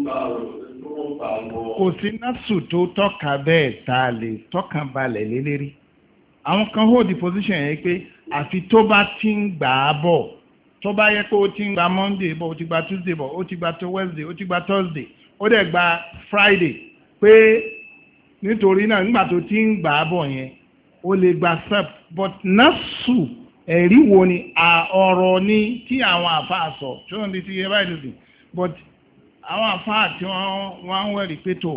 kò sí násù tó tọ́ka bẹ́ẹ̀ tá a lè tọ́ka balẹ̀ lélẹ́rí àwọn kan hold the position yẹn pé àfi tó bá ti ń gbà á bọ̀ tó bá yẹ pé ó ti ń gba monday bọ̀ ó ti gba tuesday bọ̀ ó ti gba wednesday ó ti gba thursday ó dẹ̀ gba friday pé nítorí náà nígbà tó ti ń gbà á bọ̀ yẹn ó lè gba sep but násù ẹ̀rí wo ni ọ̀rọ̀ ni tí àwọn àfa sọ tí wọ́n ti ti yẹ báyìí lòdì but àwọn àfáà tí wọ́n ń wẹ̀rí pé tó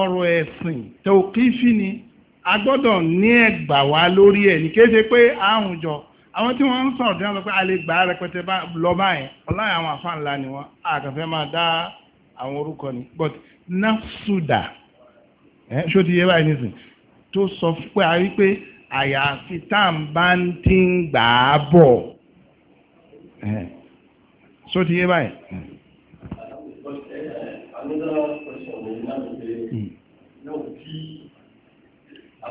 ọ̀rọ̀ ẹ̀sìn tó kí fi ni a gbọ́dọ̀ ní ẹ̀gbà wá lórí ẹ̀ ní kéde pé àwùjọ àwọn tí wọ́n ń sọ̀rọ̀ tí wọ́n pé a lè gbà rẹpẹtẹ lọ báyẹn ọláyà àwọn àfáà ńlá ni wọ́n àkànfẹ́ máa dá àwọn orúkọ ni but nafsuda ẹ̀ ṣó ti yé báyìí nísìn tó sọ pé a rí pé àyàfi tá à ń bá ń tí ń gbà á bọ̀ ṣó ti yé báyìí.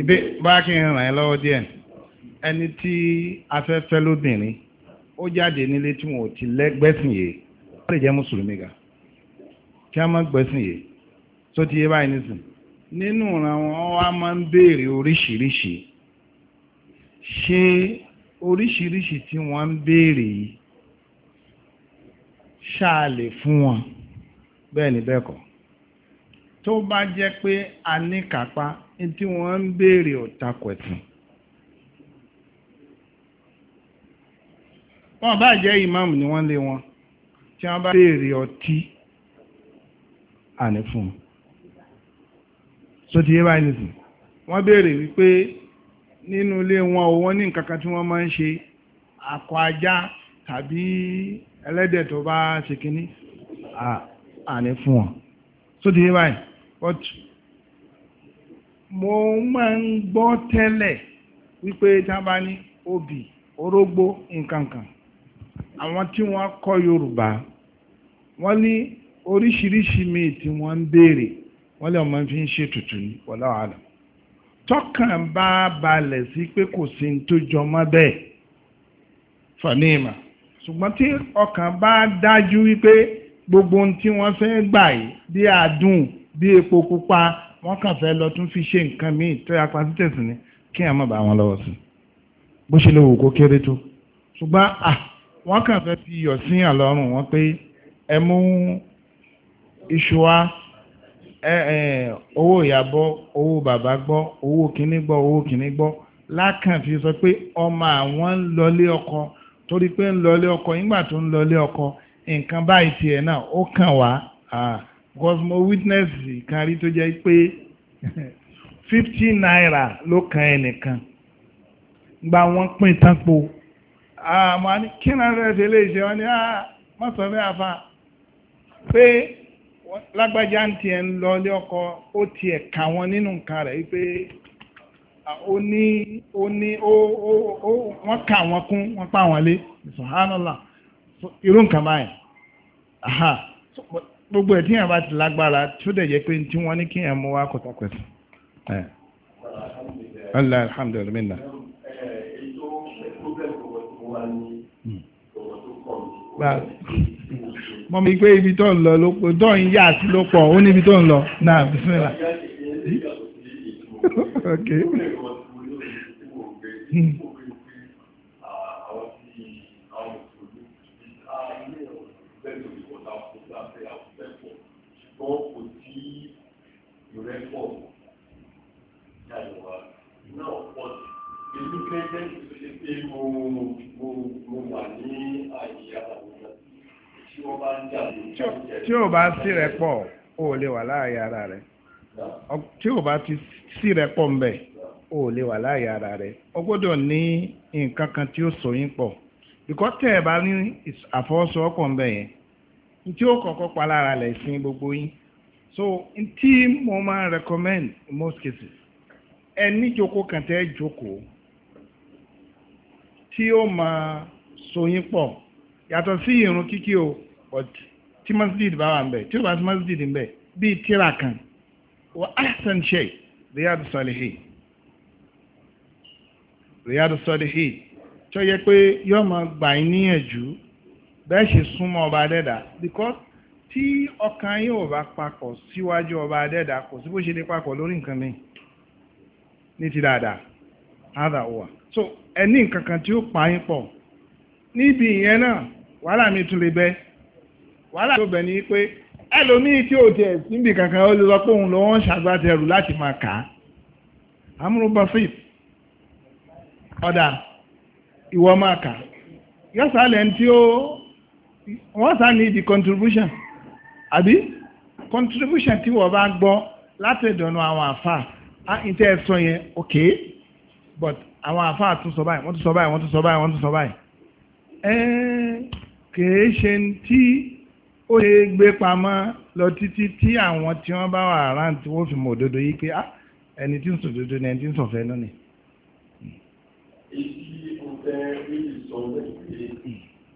ìbé báyá kí n ràn ẹ́ lọ́wọ́ díẹ̀ ẹni tí afẹ́fẹ́ lóbìnrin ó jáde nílé tí wọn ò ti lẹ́gbẹ́sìn yìí wọ́n lè jẹ́ mùsùlùmí ga kí wọ́n má gbẹ́sìn yìí tó ti yé báyìí nísìn nínú ìran wọn wá máa ń béèrè oríṣiríṣi ṣé oríṣiríṣi tí wọ́n ń béèrè yìí ṣáà lè fún wọn bẹ́ẹ̀ ni bẹ́ẹ̀ kọ́ tó bá jẹ́ pé a ní kápá tí wọ́n ń béèrè ọ̀takọ̀ ẹ̀sìn wọ́n bá jẹ́ ìmáàmù ni wọ́n lé wọn tí wọ́n bá béèrè ọtí àní fún so ti yé báyìí nìsín wọ́n béèrè wípé nínú ilé wọn o wọ́n ní nǹkan kan tí wọ́n máa ń ṣe akọ ajá tàbí ẹlẹ́dẹ̀ tó bá ṣe kínní àní fún wọn so ti yé báyìí but mo máa ń gbọ́ tẹ́lẹ̀ wípé tábà ní obì orógbó nkankan àwọn tí wọ́n kọ́ Yorùbá wọ́n ní oríṣiríṣi míì tí wọ́n ń béèrè wọ́n lè ọmọ fi ń ṣe tutù ní wọ́lá àlọ́ tọkàn bá balẹ̀ sí pé kò sí ní tó jọmọ́ bẹ́ẹ̀ fanima ṣùgbọ́n tí ọkàn bá dájú wípé gbogbo ohun tí wọ́n fẹ́ gbà yìí bí àdùn bí epo pupa wọ́n kàn fẹ́ lọ tún fi ṣe nǹkan míì tó yà pa títẹ̀sì ni kí ẹ̀ má bàa wọn lọ́wọ́ sí bó ṣe lè wò kó kéré tó ṣùgbọ́n à wọ́n kàn fẹ́ fi iyọ̀ sí àlọ́run wọn pé ẹ mú iṣu wa owó ìyàbọ̀ owó bàbá gbọ́ owó kìíní gbọ́ owó kìíní gbọ́ lákàn fi sọ pé ọmọ àwọn ń lọlé ọkọ torí pé ń lọlé ọkọ nígbà tó ń lọlé ọkọ nǹkan báyìí tiẹ̀ náà ó kàn wá because mo witness kan rí tó jẹ́ pé fifty naira ló kan ẹnìkan gba wọn pín tánpo àmọ́ ní kí náà rẹ̀ ṣe lè ṣe wọ́n ní ah, má sọ fẹ́ àfa pé lágbájá ń tiẹ̀ ń lọ ilé ọkọ ó tiẹ̀ kà wọ́n nínú nǹkan rẹ̀ pé ó ní ó ní ó ó wọ́n kà wọ́n kún wọ́n pa wọ́n lé subhanallah irú nǹkan báyìí gbogbo ẹ̀ tí yẹn bá ti lágbára tó dẹ̀ jẹ́ pé tí wọ́n ní kí yẹn mú wá kọ̀tàkọ̀tà. Allah alhamdulillah. Hmm. Mọ̀ mi pé ibi tó ń lọ ló pọ̀, tó ń yà sí ló pọ̀, ó ní ibi tó ń lọ. Náà bisimilá. Okay. Hmm. rẹ̀ pọ̀ jáde wá náà pọ̀ jù èmi kẹ́kẹ́ ìṣẹ̀lẹ̀ pé mo mo mo wà ní àyè àwòrán tí wọ́n bá ń jáde jáde. tí ò bá sí rẹ̀ pọ̀ o ò lè wà láàyè ara rẹ̀ tí ò bá ti sí rẹ̀ pọ̀ ńbẹ̀ o ò lè wà láàyè ara rẹ̀ o gbọ́dọ̀ ní nǹkan kan tí ó so yín pọ̀ bíkọ́ tẹ́ ẹ̀ bá ní àfọwọ́sowọ́pọ̀ ńbẹ̀ yẹn tí ó kọ́kọ́ pa lára lẹ̀ sin gbogbo yín so n tí mo máa recommend in most cases ẹ ní jókòó kan tẹ́ jókòó tí ó máa so yín pọ̀ yàtọ̀ sí irun kíkí o but tí masjid bá wà ń bẹ̀ tí ó bá sí masjid ń bíi tíra kan wọ́n ahsan shay Riyadu Salihin Riyadu Salihin tó yẹ pé yóò máa gbà yín níyànjú bẹ́ẹ̀ ṣe súnmọ́ ọba dẹ́dà because tí ọkàn yóò bá papọ̀ síwájú ọba adẹ́dà kò sí bó ṣe lè papọ̀ lórí nǹkan ní ti dáadáa wà so ẹni nǹkan kan tí ó pa yín pọ̀ níbi ìyẹn náà wàhálà mi tún lè bẹ wàhálà tó bẹ̀ ní pé ẹlòmíì tí ò tiẹ̀ síbi kankan ó lè sọ pé òun lọ́wọ́ ń láti máa kà á ọ̀dà ìwọ máa kà tí ó wọ́n sá ní the contribution. àbí contribution tí wọ́n bá gbọ́ láti ìdùnnú àwọn àfà ìtẹ́ ẹ sọ yẹn ok but àwọn àfà tún sọ báyìí wọ́n tún sọ báyìí wọ́n tún sọ báyìí wọ́n tún sọ báyìí kìí ṣe tí ó lè gbé pamọ́ lọ títí tí àwọn tí wọ́n bá wà around tí wọ́n fi mọ̀ òdodo yìí pé ẹni tí ń sọ òdodo ni ẹni tí ń sọ̀fẹ́ lónìí. èyí ò rí ìsọ̀rọ̀ pé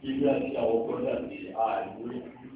ìgbà tí àwọn bọ́dà ti àìwé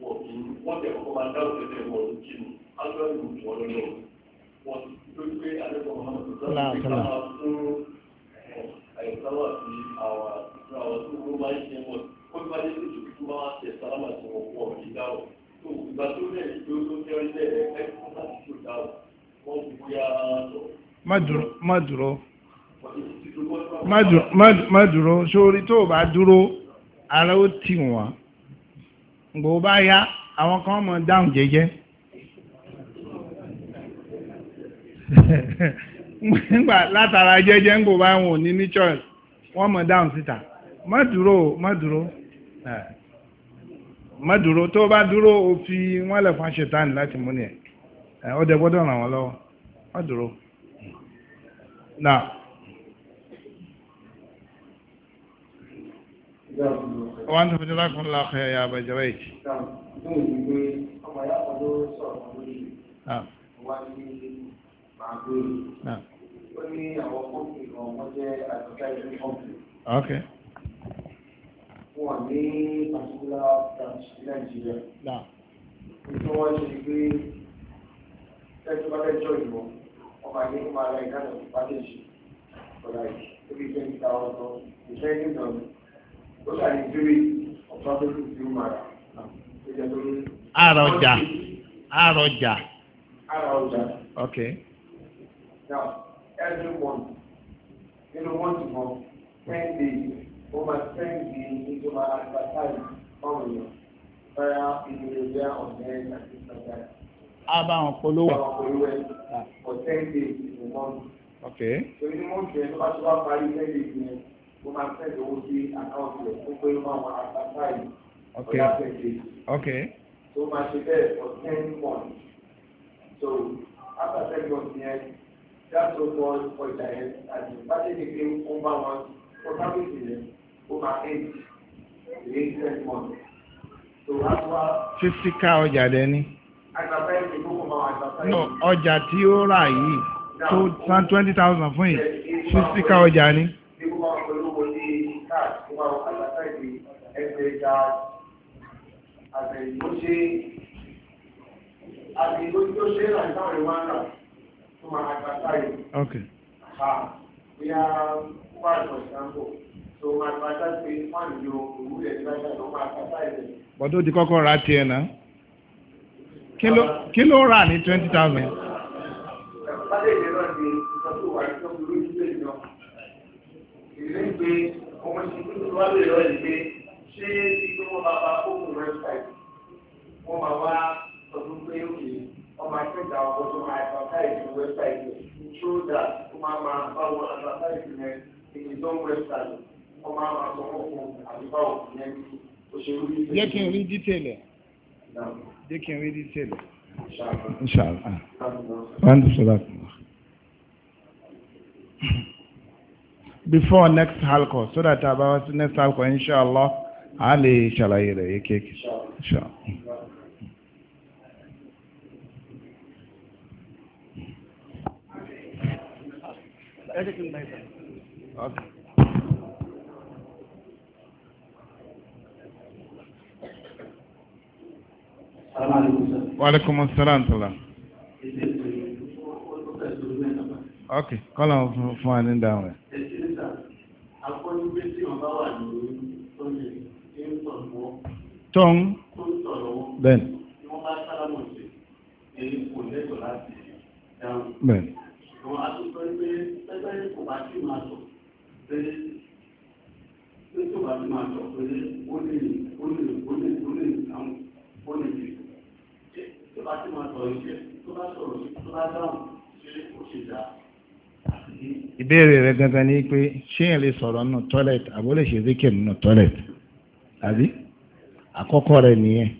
wọ́n kì í wọ́n tẹ̀ kọ́kọ́ máa dáhùn tẹ́tẹ́ wọ́n ló kí ni ágbẹ́rù wọ́n lọ́dọ̀ wọ́n ti tó gbé alẹ́kọ̀ọ́ máa tó dáhùn fún àìsáwà sí àwọn àtúntò àwọn tó wọ́n máa ń ṣe wọ́n kó bá dé tó tó bá wá tẹ̀ sálámà tó wọ́n wọ́n kì í dáhùn tó ìgbà tó lẹ̀ tó tó tẹ́rí lẹ̀ ẹ̀ kó tó dáhùn wọ́n ti bóyá gbò bá yá àwọn kan mọ̀ dáhùn jẹ́jẹ́ nígbà látara jẹ́jẹ́ ń gbò bá wọn ní ní choice wọ́n mọ̀ dáhùn síta má dúró má tó bá dúró o fi láti múni ẹ̀ ọdẹ gbọ́dọ̀ wọ́n tó fi jẹ́ lákùn láàkùn ẹ̀yà àbẹ̀jẹ̀rẹ̀ ìkì. ok. wọ́n ní pàṣípàlá branch ní nàìjíríà. nítorí wọ́n ṣe pé tẹ́tí bá lẹ́jọ́ ìbọn ọmọ àgbẹ̀ ń máa ra ìdáná package for like three twenty thousand ìfẹ́ nígbà mi. Àrọ̀jà. Àrọ̀jà. Àrọ̀jà. Ok. Now, everyone, you know, month, ten days, over ten days into my advertise on you. Prayer in the area of the end and things like that. A bá wọn polówó. A bá polówó ẹ̀ ah. for ten days in the month. Ok. So inú mọ́tò yẹn tó bá tó bá ten days ó máa fẹ́ lówó sí àkáǹtì rẹ̀ ó pé wọ́n máa ta báyìí ọ̀dà pẹ̀lú. ok. tó máa ṣe bẹ́ẹ̀ for ten months so after ten months yẹn dáàbò bọ́ ọjà yẹn àti pàṣẹ pé ó bá wọn ó sábẹ́sì rẹ̀ ó máa eight eight ten months so after. fífi ká ọjà lẹ́ni. àgbàfẹ́ ìdókòwò àwọn àgbàfẹ́. no ọjà tí ó rà yìí tó san twenty thousand fún yìí fífi ká ọjà ni to máa àgbàsáìdì ẹgbẹ́ ìjà àbẹ̀yìnbóṣe àbẹ̀yìnbóṣe náà táwọn ìwọ̀n náà tó máa àgbàsáìdì. Ha bí a bá àjọ ìdánwò tó máa àgbàsáìdì wọ́n yóò òwúrẹ̀ ìgbàgbà tó máa àgbàsáìdì. Bọ́dọ̀ ti kọ́kọ́ ra tiẹ̀ náà kí ló rà ní twenty thousand. ìpàdé ìlera ni ìtọ́jú wa tó ń lójú lè yọ ìrẹ́gbẹ́ ọmọ ìṣègùn tó wá lè lọ yìí pé ṣé ibi wọn máa bá fóònù rẹ ṣáìtì wọn máa wá ọdún pé òkè wọn máa tẹ̀ dá ọkọ tó máa advertise ní wẹ́bsáìtì ṣó dà ó máa máa bá wọn advertise ní ìdí tó ń wẹ́bsáìtì wọn máa máa sọ fún fún àdúgbò ìyẹn òṣèlú yìí. jẹ́ kí n rí dítẹ̀lẹ̀ jẹ́ kí n rí dítẹ̀lẹ̀. Inshallah. Inshallah. Ah. Wonderful before next halko, so that about bá next halko, inshallah a lè ṣàlàyé rẹ̀ yékéèké inshallah. Okay. Wa alaikumus salam ok kọ́lọ̀ fún wa ní dáhùn rẹ̀. tọ́n bẹ́ẹ̀ bẹ́ẹ̀. Thank you ìbéèrè rẹ̀ gangan ni pé ṣé èèyàn lè sọ̀rọ̀ nínú tọ́lẹ̀tì àbó lè ṣe zikir nínú tọ́lẹ̀tì àbí àkọ́kọ́ rẹ̀ nìyẹn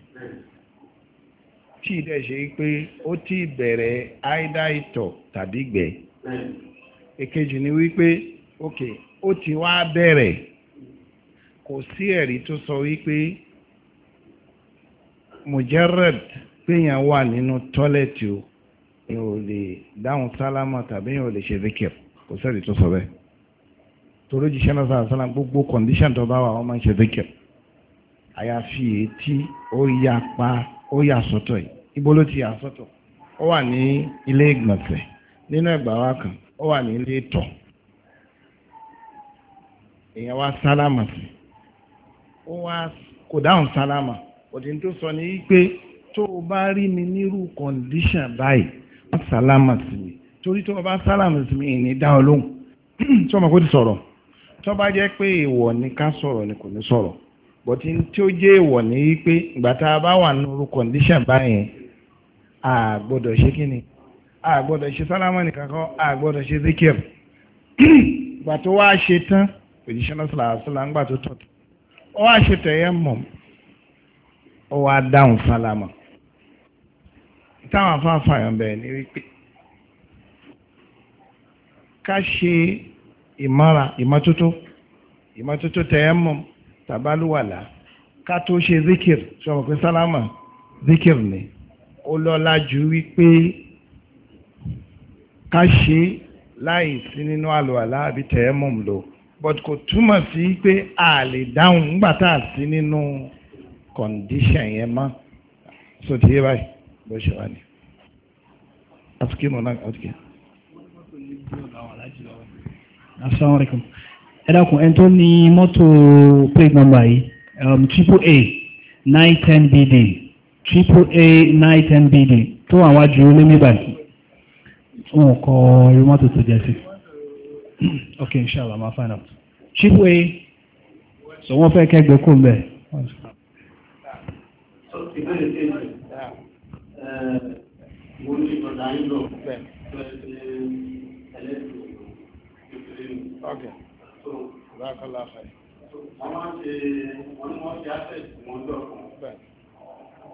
tí ìdẹ̀ ṣe pé ó ti bẹ̀rẹ̀ áídá ìtọ̀ tàbí gbẹ̀ èkejì ni wípé ok ó ti wá bẹ̀rẹ̀ kò sí ẹ̀rí tó sọ wípé mujarrad péyàn wà nínú tọ́lẹ̀tì o yẹn ò lè dáhùn sálámà tàbí yẹn ò lè ṣe zikir kò sẹ́ni tó sọ bẹ́ẹ̀ torí jíṣẹ́ náà sáà sálám gbogbo kọ̀ǹdíṣàn tó bá wà wọ́n máa ń ṣe zikir àyàfi etí ó yà pa ó yà sọ́tọ̀ yìí ibo ló ti yà sọ́tọ̀ ó wà ní ilé ìgbọ̀nsẹ̀ nínú ẹ̀gbà wa kan ó wà ní ilé ìtọ̀ èèyàn wá sálámà sí ó wá kò dáhùn sálámà òdì sọ ní pé tó o bá rí mi nírú kọ̀ǹdíṣàn báyìí sálámà sí mi torí tó o bá sálámà sí mi ìní dá ọ lóhùn [CLEARS THROAT] tí ọmọ kò ti sọ̀rọ̀ tó bá jẹ́ pé ìwọ ni ká sọ̀rọ̀ ni kò ní sọ̀rọ̀ bọ̀tí tí ó jẹ́ ìwọ ni wípé ìgbà tá a bá wà nínú kọ̀ǹdíṣàn báyẹn a gbọ́dọ̀ ṣe kí ni a gbọ́dọ̀ ṣe sálámà nìkan kan a gbọ́dọ̀ ṣe zikir [CLEARS THROAT] ìgbà tó wá ṣe tán òjíṣẹ́ náà sọ̀rọ̀ àṣọlá ńgbà tó tọ̀ ọ wá ṣe tẹ̀yẹ́ mọ̀ ọ wá dáhùn sálámà táwọn afáfàyàn bẹ̀rẹ̀ ní wípé ká ṣe ìmọ́ra ìmọ́tótó ìmọ́tótó tẹ̀yẹ́mọ̀ tàbálùwàlà ká tó ṣe zikir sọmọ pé sálámà zikir ni ó lọ́lá ju wípé ká ṣe láì sí nínú àlùwàlà àbí tẹ̀yẹ́mọ̀ lò but kò túmọ̀ sí pé a lè dáhùn nígbà tá a sí nínú condition yẹn mọ́ so ti yé báyìí bó ṣe wà ní àtúkí mọ̀ náà àtúkí. Assalamu alaikum ẹ dákun ẹni tó ní mọ́tò plate number yìí um, triple A nine ten BD triple A nine ten BD tó àwọn àjò olémébà wọn kọ irú mọ́tò tó jẹ́ sí [CLEARS THROAT] ok inshallah ma find out triple A sọ wọ́n fẹ́ kẹ́gbẹ́ kó mbẹ́ mo ní ìbọ̀dá yín lọ Okay. So, Bákanlá fẹ́. Wọ́n máa ń ṣe wọ́n ní wọ́n ṣe access wọn jọ kan. Bẹ́ẹ̀.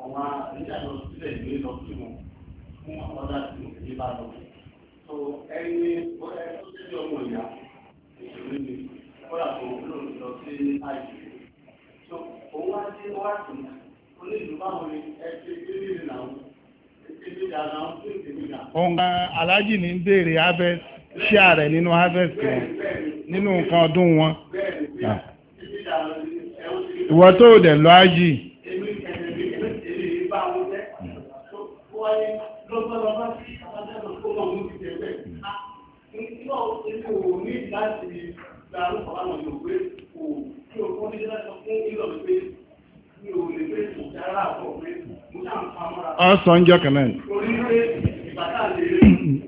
Ọ̀wọ́n àríjà lọ sílẹ̀ ìwé lọ sí fún ọ̀dà tí mo fi bá ọ̀nà aláàjì ní béèrè harvest ṣíà rẹ̀ nínú harvest wọn nínú nǹkan ọdún wọn ìwọ tó dẹ̀ lọ ájì ọ̀sán jọ́kànnà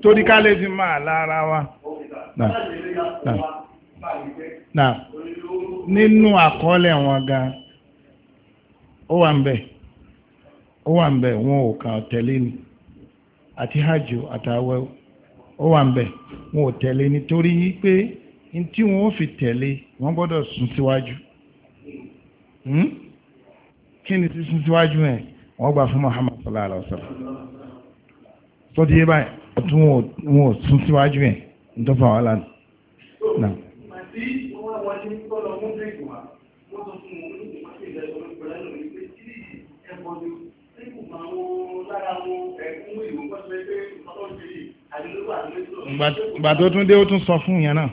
torí ká lè fi máa lára wa nínú àkọọ́lẹ̀ wọn gan ó wà ń bẹ̀ ó wà ń bẹ̀ wọn ò kàn tẹ̀lé ni àti hajj àtàwẹ̀ ó wà ń bẹ̀ wọn ò tẹ̀lé ni torí pé tí fi tẹ̀lé wọn gbọ́dọ̀ sun síwájú hmm? kí ni sun síwájú ẹ̀ wọ́n gbà fún Muhammad sallallahu alaihi wa sallam. tó ti yé báyìí tún wọn ò sún síwájú ẹ̀ tó fà wá lánàá. ìgbà tó tún dé ó tún sọ fún yẹn náà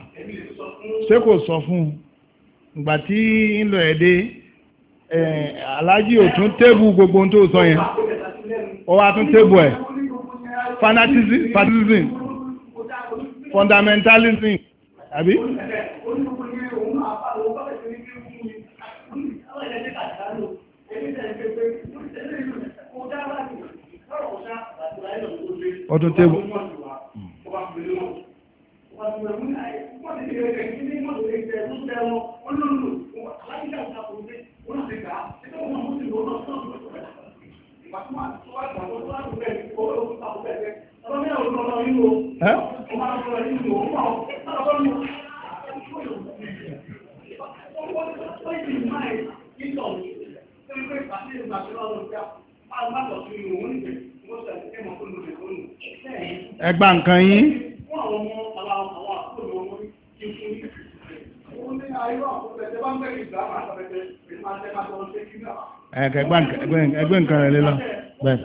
ṣé kò sọ fún ìgbà tí ń lọ ẹ̀ dé aláàjì ò tún tébù gbogbo tó sọ yẹn ó wá tún tébù ẹ̀ fanatism fanatism fundamentalism àbí. ọdún tébù. Thank you. Ẹgbà nǹkan yín. ẹgbẹ́ nǹkan rẹ̀ lé lọ bẹ́ẹ̀.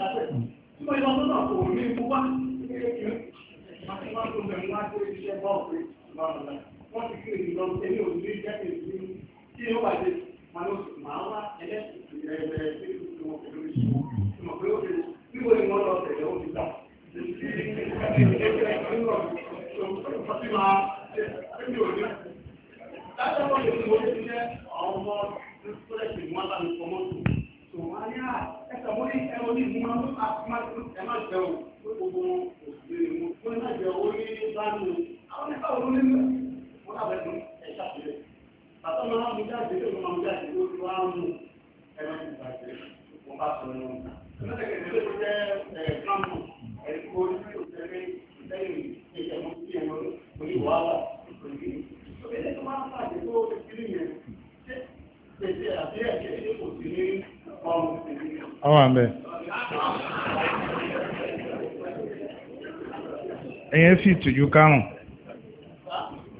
fìtìjú kárùn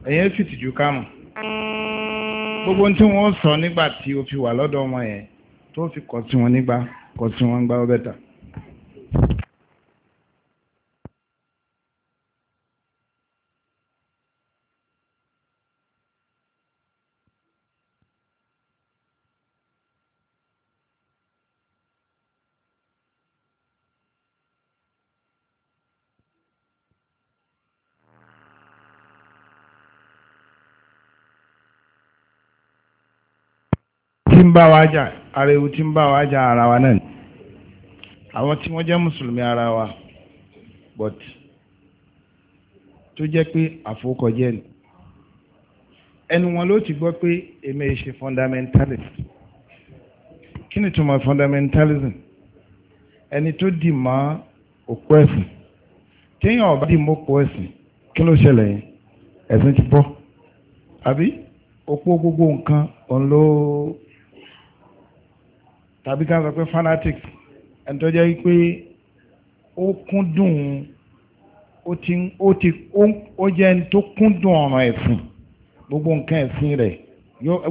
èyàn fìtìjú kárùn gbogbo tí wọ́n sọ nígbà tí o fi wà lọ́dọ̀ ọmọ yẹn tó fi kọ̀ sí wọn nígbà kọ̀ sí wọn gbá ọbẹ̀ ta. bá wa jà ara ewu tí ń bá wa jà ara wa náà ni àwọn tí wọ́n jẹ́ mùsùlùmí ara wa but tó jẹ́ pé àfọkọjẹ́ ni ẹnu wọn ló ti gbọ́ pé èmi ṣe fundamentalist kí ni túmọ̀ fundamentalism ẹni tó dì mọ́ òpó ẹ̀sìn téèyàn ọba dì mọ́ òpó ẹ̀sìn kí ló ṣẹlẹ̀ yẹn ẹ̀sìn ti bọ́ àbí òpó gbogbo nǹkan òun ló tàbí ká sọ pé fanatic ẹni tó jẹ́ pé ó kúndùn ó ti ó ti ó jẹ́ ẹni tó kúndùn ọ̀ràn ẹ̀sìn gbogbo nǹkan ẹ̀sìn rẹ̀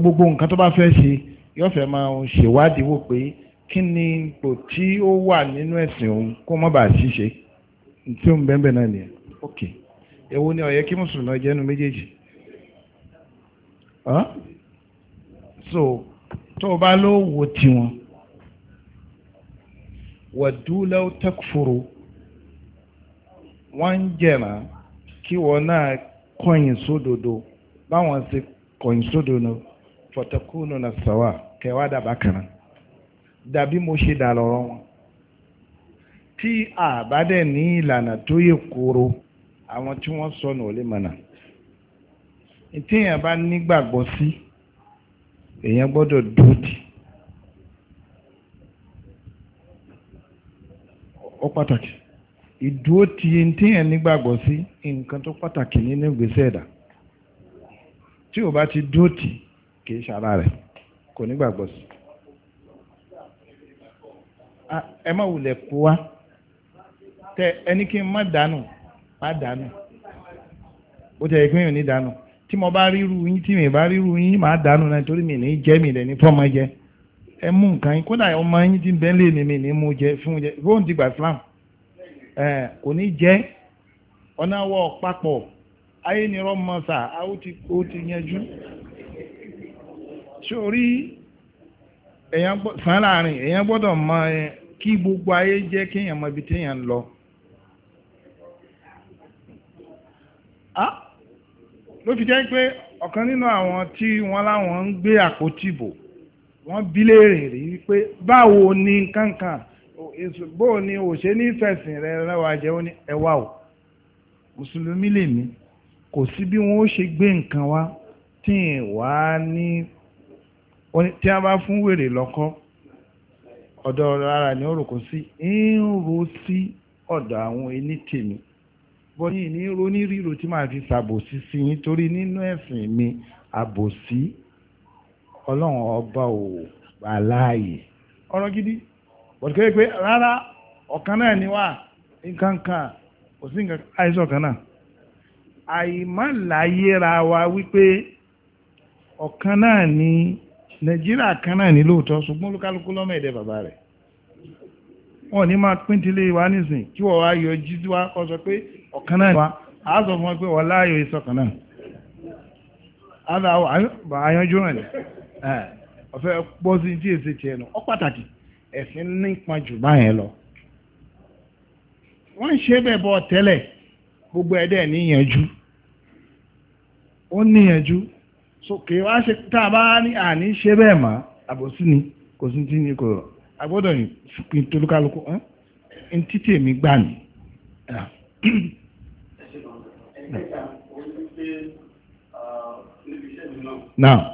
gbogbo nǹkan tó bá fẹ́ ṣe yóò fẹ́ máa ṣèwádìí wò pé kí ni ipò tí ó wà nínú ẹ̀sìn òun kó má bàa ṣiṣẹ́ tí ó ń bẹ́ẹ̀ bẹ́ẹ̀ náà nìyẹn ok èwo ni ó kí mùsùlùmí náà jẹ́nu méjèèjì so tó o bá ló tiwọn wàdúlọ́ takfuru wọ́n ń kiwọ kí náà kọyìn sódodo báwọn ṣe kọyìn sódodo fọ̀tẹ́kùnù na sọ̀wà kẹwàá dàbà kan dàbí mo ṣe dà wọn tí àbádẹ ní ìlànà tó yẹ kóró àwọn tí wọ́n sọ ò lè mọ̀nà ó pàtàkì ìdúró ti nígbàgbọ́ sí nǹkan tó pàtàkì nínú ìgbésẹ̀ ẹ̀dá tí ò bá ti dúró tì kì ṣara rẹ̀ kò nígbàgbọ́ sí ẹ má wulẹ̀ kú wa tẹ ẹni kí n má dànù má dànù ó tẹ̀ ní dànù tí mo bá yín tí mi bá yín má dànù náà torí mi ní mi lẹ́ni jẹ́. ẹ mú nǹkan yín kódà ọmọ yín ti bẹ́ẹ̀ lé nìmi ní mú jẹ fún jẹ fóun ti gbà Islam kò ní jẹ́ ọ̀nà àwọ̀ papọ̀ ayé ni rọ́mọ sà á ó ti yanjú sórí èèyàn sàn láàrin èèyàn gbọ́dọ̀ mọ kí gbogbo ayé jẹ́ kéèyàn mọ ibi téèyàn lọ. Ah, ló fi jẹ́ pé ọ̀kan nínú àwọn tí wọ́n láwọn ń gbé àpótí bò wọ́n bí léèrè rí pé báwo ni kankan bó ni ò ṣe ní fẹ̀sìn rẹ rẹwà jẹ́ ó ní ẹwà o mùsùlùmí lèmi kò sí bí wọ́n ó ṣe gbé nǹkan wá tí ì wá ní tí a bá fún wèrè lọ́kọ́ ọ̀dọ̀ ara ni ó rò kó sí ń ro sí ọ̀dọ̀ àwọn onítèmi bọ́ ní ìní ronírìrò tí màá fi ṣàbòsí sí yín torí nínú ẹ̀sìn mi àbòsí ọlọ́run ọba ò gbà láàyè ọ̀rọ̀ gidi bọ̀dùkẹ́ pé rárá ọ̀kan náà ni wà nǹkankan kò sí nǹkan àìsàn kan náà wa wípé ọ̀kan ni nàìjíríà kan náà ní lóòótọ́ ṣùgbọ́n olúkálukú lọ́mọ ẹ̀dẹ́ bàbá rẹ̀ ní máa pín tilé wa nísìn kí wọ́n wá yọ jíjí wa kọ́ sọ pé ọ̀kan náà wa á sọ fún pé wọ́n láàyò ìsọ̀kan náà ọ̀fẹ́ bọ́sí tí èsì tiẹ̀ nù ọ́ pàtàkì ẹ̀sìn nípa jù báyẹn lọ. wọ́n ń ṣe bẹ́ẹ̀ bọ́ tẹ́lẹ̀ gbogbo ẹ̀dẹ́ níyànjú ó níyànjú sókè wá ṣe tá a bá ní àní ṣe bẹ́ẹ̀ mọ́ àbòsí ni kò sí ti ní kò agbọ́dọ̀ ní pin tolúkálukú ń títí èmi gbà ní. Now.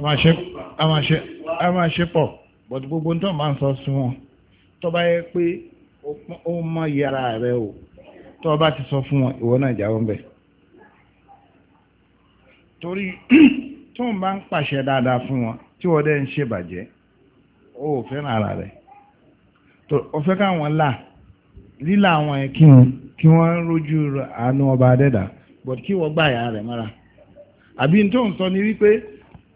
a máa ṣe pọ̀ bọ̀dù gbogbo tó máa ń sọ sí wọn tó bá yẹ pé ó mọ yàrá rẹ o tó bá ti sọ fún wọn ìwọ náà jáwọ́ bẹ̀ torí [CLEARS THROAT] tó ń bá ń pàṣẹ dáadáa fún wọn tí wọ́n dẹ́ ń ṣèbàjẹ́ ó fẹ́ràn ara rẹ̀ ó fẹ́ káwọn là lílà àwọn ẹ̀ kí wọn kí wọ́n rójú àánú ọba adẹ́dà bọ̀dù kí wọ́n gbà yàrá rẹ̀ mọ́ra àbí tó ń sọ ni wípé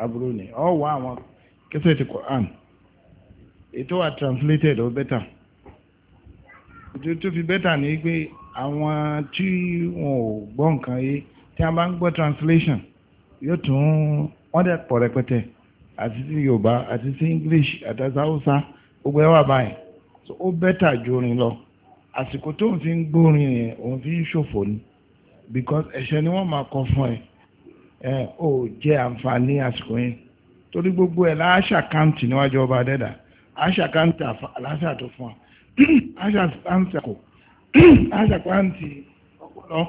aburú ni ọ wá àwọn kẹsẹ̀ ti Quran ètò wa translated ó bẹ́tà tó fi bẹ́tà ni pé àwọn tí wọn ò gbọ́ nǹkan yé tí a bá ń gbọ́ translation yóò tún wọ́n dẹ̀ pọ̀ rẹpẹtẹ àti sí Yorùbá àti sí English àti sí Haúsá gbogbo ẹ wà báyìí so ó bẹ́tà ju orin lọ àsìkò tó ń fi ń gbórin yẹn òun fi ń ṣòfò ni because ẹ̀ṣẹ̀ ni wọ́n máa kọ fún ẹ. ò jẹ àǹfààní àsìkò yẹn torí gbogbo ẹ̀ láṣà káǹtì níwájú ọba dẹ́dà àṣà káǹtì àláṣà tó fún wa àṣà káǹtì àkọ́ àṣà ọpọlọ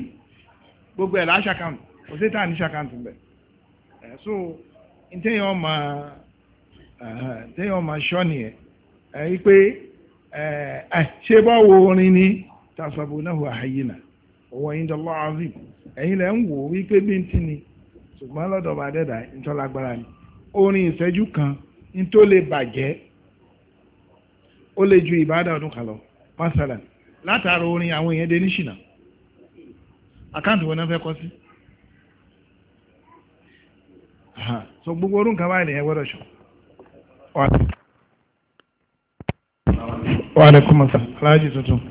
[CLEARS THROAT] gbogbo ẹ̀ láṣà káǹtì kò sí tá à ní ṣà káǹtì bẹ̀ so ntẹ́yìn ọmọ ntẹ́yìn ọmọ ṣọ́ni ẹ̀ ẹ̀ pé ẹ̀ ṣé bá wo orin ní tasabbunahu hayyina wa ẹ̀yin lẹ́ ń wò ó wípé bí n ti ni ṣùgbọ́n lọ́dọ̀ bá dẹ́dà ntọ́lágbára ni orin ìṣẹ́jú kan n tó lè bàjẹ́ ju ìbádà ọdún kan lọ pásálà látara orin àwọn èèyàn dé ní àkáǹtì wọn náà fẹ́ kọ́ sí. sọ gbogbo orun kan báyìí nìyẹn gbọ́dọ̀ ṣọ. tuntun.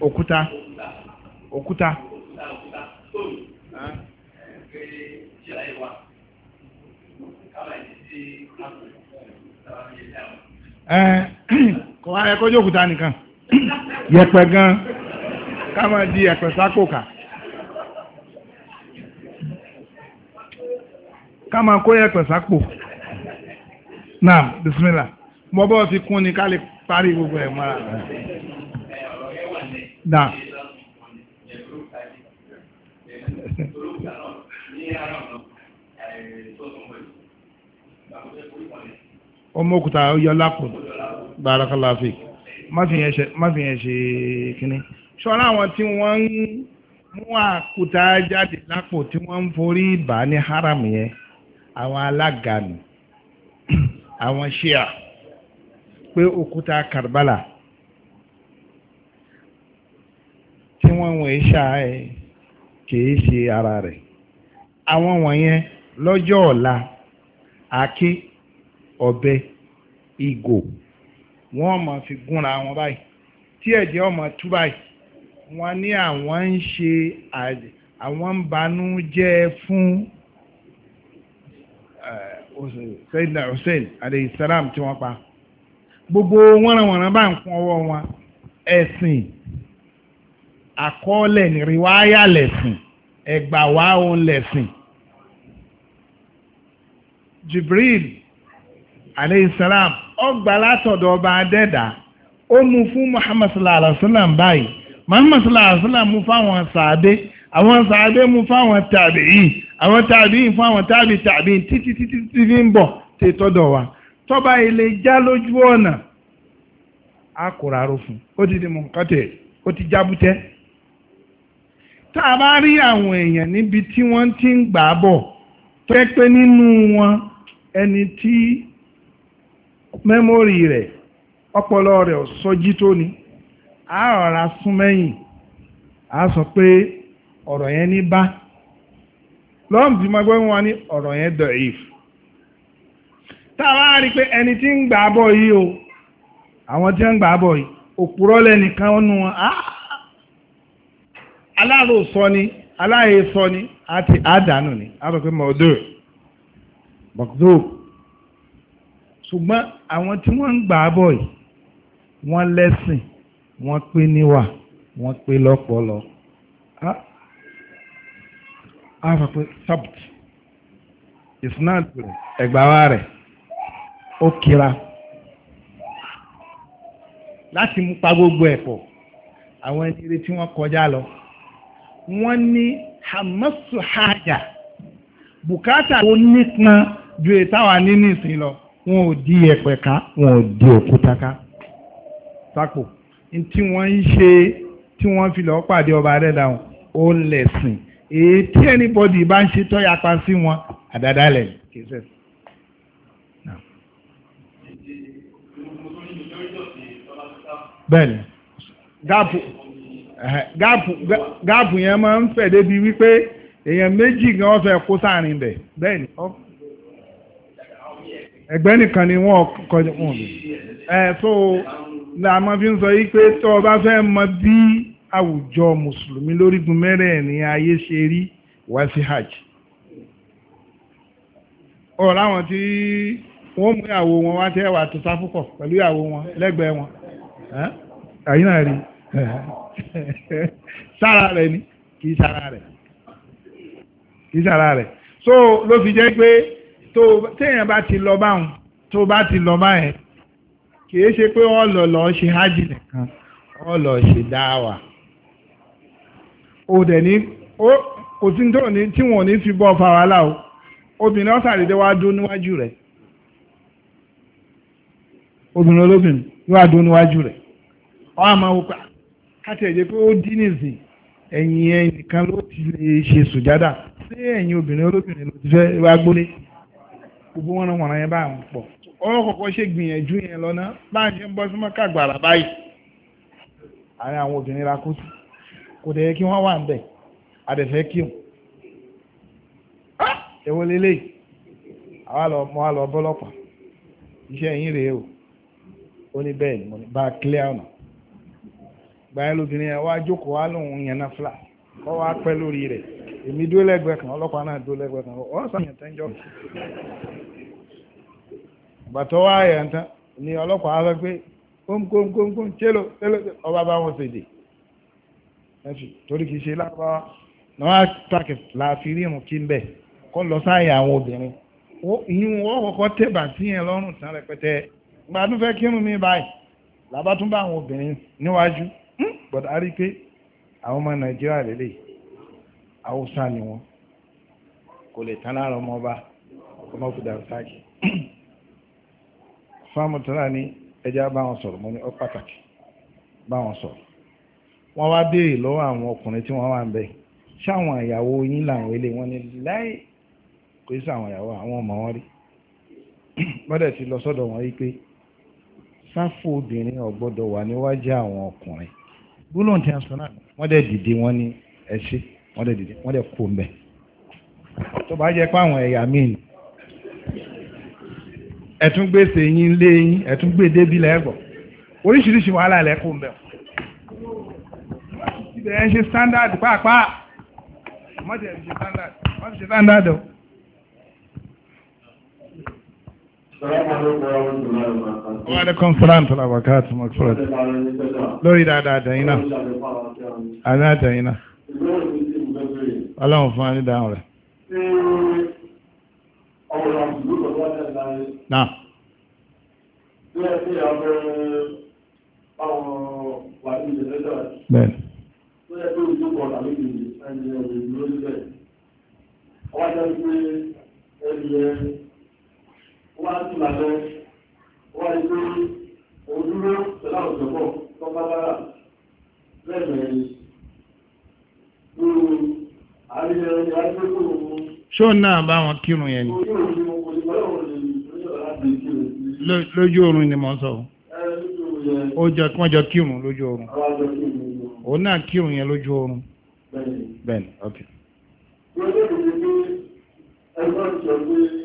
òkúta òkúta kò wá ẹkọ́ jẹ́ òkúta nìkan yẹ̀pẹ̀ gan ká máa di yẹ̀pẹ̀ sákòkà ká máa kó yẹ̀pẹ̀ sápò náà bisimilá mọ́ bọ́ fi kún ni ká lè parí gbogbo ẹ̀ mọ́ra dà. ọmọ òkúta ọyọ lápò barakalafik má fi yẹn ṣe kínní ṣọ́ra àwọn tí wọ́n ń mú àkúta jáde lápò tí wọ́n ń forí ìbá ní haram yẹn àwọn alága nù àwọn ṣíà pé òkúta Karbala tí wọ́n wọ̀nyí ṣáà kìí ṣe ara rẹ̀ àwọn wọ̀nyẹn lọ́jọ́ ọ̀la àáké ọ̀bẹ ìgò wọ́n máa fi gúnra wọn báyìí tí ẹ̀jẹ̀ ọmọ tú báyìí wọ́n ní àwọn ń ṣe àwọn ń banú jẹ́ fún eh, Sayyidina Hussein alayhi salam tí wọ́n pa gbogbo wọ́nranwọ̀nran bá ń kún ọwọ́ wọn ẹ̀sìn àkọọ́lẹ̀ nìrìwáyà lẹ̀sìn ẹ̀gbà wá òun lẹ̀sìn Jibril aleyhisselam ọgbà látọ̀dọ̀ ọba adẹ́dà ó mú fún Muhammad sallallahu alaihi wasallam báyìí Muhammad sallallahu alaihi wasallam mú fáwọn sàádé àwọn sàádé mú fáwọn tàbí yìí àwọn tàbí yìí fún àwọn tàbí tàbí títí títí fi ń bọ̀ tètọ́dọ̀ wa tọ́ba ilé já lójú ọ̀nà á kóra ro fún ó ti di mọ̀kọ́tẹ̀ ó ti jábútẹ́ tá a bá rí àwọn èèyàn níbi tí wọ́n ti ń gbà bọ̀ tó yẹ pé nínú wọn ẹni tí mẹ́mórì rẹ̀ ọpọlọ rẹ̀ sọjí tó ni a rọra sún mẹ́yìn a sọ pé ọ̀rọ̀ yẹn ní bá lọ́nà tí mo gbọ́ wọn ní ọ̀rọ̀ yẹn dọ̀ ìfù táwa rí pé ẹni tí ń gbà bọ̀ yìí o àwọn tí ń gbà bọ̀ yìí òpùrọ́ lẹ́nìkan nù wọn aláàrò sọ ni aláàyè sọ ni àti àdánù ni àbẹ̀ pé mọ̀ọ́dọ̀ bọ̀kútó ṣùgbọ́n àwọn tí wọ́n ń gbà bọ̀ yìí wọ́n lẹ́sìn wọ́n pé níwà wọ́n pé lọ́pọlọ àbẹ̀ pé sabt is not ẹgbàá wa rẹ̀ ó kíra láti mú pa gbogbo ẹ̀pọ̀ àwọn ẹnire tí wọ́n kọjá lọ wọ́n ní hamasu haja bùkátà ó nípọn ju ìtawà nínú ìsìn lọ wọn ò di ẹ̀pẹ̀ ká wọn ò di òkúta ká sápò tí wọ́n ń ṣe tí wọ́n fi lọ́ọ́ pàdé ọba adẹ́dàhùn ó lẹ̀sìn èyí tí anybody bá ń ṣe tọ́yapa sí wọn àdádálẹ̀ kìí sẹ́sì. bẹ́ẹ̀ni gáàpù eh, gáàpù gáàpù yẹn máa ń fẹ̀ débi wípé èèyàn méjì gan fẹ́ kó sáàrin bẹ̀ bẹ́ẹ̀ni ẹgbẹ́ nìkan ni wọ́n kọjú wọn ẹ̀ eh, so la mọ́ fi ń sọ yí pé tó o bá fẹ́ mọ bí àwùjọ mùsùlùmí lórígun mẹ́rẹ̀ẹ̀rin ayé ṣe rí wá sí hajj ọ̀rọ̀ àwọn tí wọ́n mú ìyàwó wọn wá tẹ́ wà tó sáfúkọ̀ pẹ̀lú ìyàwó wọn lẹ́gbẹ̀ẹ́ wọn àyínà rí [LAUGHS] sára rẹ̀ ni kì í sára rẹ̀ kì í sára rẹ̀ so ló fi jẹ́ pé tó téèyàn bá ti lọ báwọn tó bá ti lọ báyẹn kì í ṣe pé wọ́n lọ lọ ṣe hajj nìkan wọ́n lọ ṣe dáwà o dẹ̀ ní ó kò sí tó ní tí wọ́n ní fi bọ́ fa wàhálà o obìnrin ọ̀sàdédé wá dún níwájú rẹ̀ obìnrin olóbìnrin wá dún níwájú rẹ̀ ọwọ́ àmọ́ wò pa káti ẹ̀jẹ̀ pé ó dín nìsín ẹ̀yìn ẹnìkan ló ti lè ṣe sùjádà ṣé ẹ̀yìn obìnrin olóbìnrin ló ti fẹ́ wá gbólé gbogbo wọn náà wọ̀nà yẹn bá àwọn pọ̀ ọwọ́ kọ̀ọ̀kan ṣe gbìyànjú yẹn lọ́nà bá ń ṣe ń bọ́ sí mọ́ká gbàrà báyìí àárín àwọn obìnrin la kó sí kò dẹ̀ yẹ kí wọ́n wà ń bẹ̀ adẹ̀fẹ́ kí wọn. ẹ̀wọ́ ah! lélẹ́yìí àwa lọ mọ́ wa lọ bọ́lọ́pàá iṣẹ́ yín rèé o ó ní bẹ́ẹ̀ ni mo ní bá a clear ọ̀nà gbàyẹn lóbìnrin yẹn wá jókòó wá lóun yẹn náà fúlà kọ́ wá pẹ́ lórí rẹ̀ èmi dúró lẹ́gbẹ̀ẹ́ kan ọlọ́pàá náà dúró lẹ́gbẹ̀ẹ́ kan ọ̀ yẹn jọ. bàtọ́ wá yẹn tán ni ọlọ́pàá sọ pé kónkónkónkón tẹ́lọ̀ tẹ́lọ̀ ọba bá wọn ṣèdè torí kìí ṣe náà wá tàkì láàfin rírun kí n bẹ̀ kọ́ lọ sáàyè àwọn obìnrin ìyún kọ́kọ́ sí yẹn lọ́rùn tán rẹpẹtẹ kírun mi báyìí làbátúbà àwọn obìnrin Hmm? but a rí pé àwọn ọmọ nàìjíríà lélẹ̀ haúsá ni wọn kò lè tán lára ọmọ ọba ọmọ kùdà ṣáàkì fáwọn tọ́lá ní ẹjẹ́ bá wọn sọ̀rọ̀ mo ní ọ pàtàkì bá wọn sọ̀rọ̀ wọ́n wá béèrè lọ́wọ́ àwọn ọkùnrin tí wọ́n wà ń bẹ̀ ṣáwọn ìyàwó yín làwọn ilé wọn ni láì kò sí àwọn ìyàwó àwọn ọmọ wọn rí bọ́dẹ̀ ti lọ sọ́dọ̀ wọn yí pé sáfù obìnrin ò wà níwájú àwọn ọkùnrin gbólóhùn tí a sọ náà wọ́n dẹ̀ dìde wọ́n ní ẹṣí wọ́n dẹ̀ dìde wọ́n dẹ̀ kó mbẹ́ tó bá jẹ́ pé àwọn ẹ̀yà míì ni ẹ̀tún gbèsè yín lé yín ẹ̀tún gbé débi lẹ́gbọ̀ oríṣiríṣi wàhálà lẹ́ kó mbẹ́ ibẹ̀ ẹ̀ ń ṣe standard pàápàá wọ́n ti ṣe standard wọ́n ti ṣe standard o. Wa alaikum salam tala bakatu makfurat. Lórí dáadáa tẹ̀yìn náà. Àná tẹ̀yìn náà. Ọlọ́run fún wa dáhùn rẹ̀. Náà. Bẹ́ẹ̀ni. Ọwọ́ jẹ́ pé ẹni ẹ wá sí ìlànà wá rí pé òdúró pẹ̀lú àwọn ìjọpọ̀ tó bá bára lẹ́gbẹ̀ẹ́ ni lóru àríyá ẹni àríkókò òun. ṣó náà bá wọn kírun yẹn ni. lójú oorun ni mo sọ ó jọ kí wọ́n jọ kírun lójú oorun òun náà kírun yẹn lójú oorun bẹ́ẹ̀ni ok. wọ́n lè ẹgbẹ́ ìjọba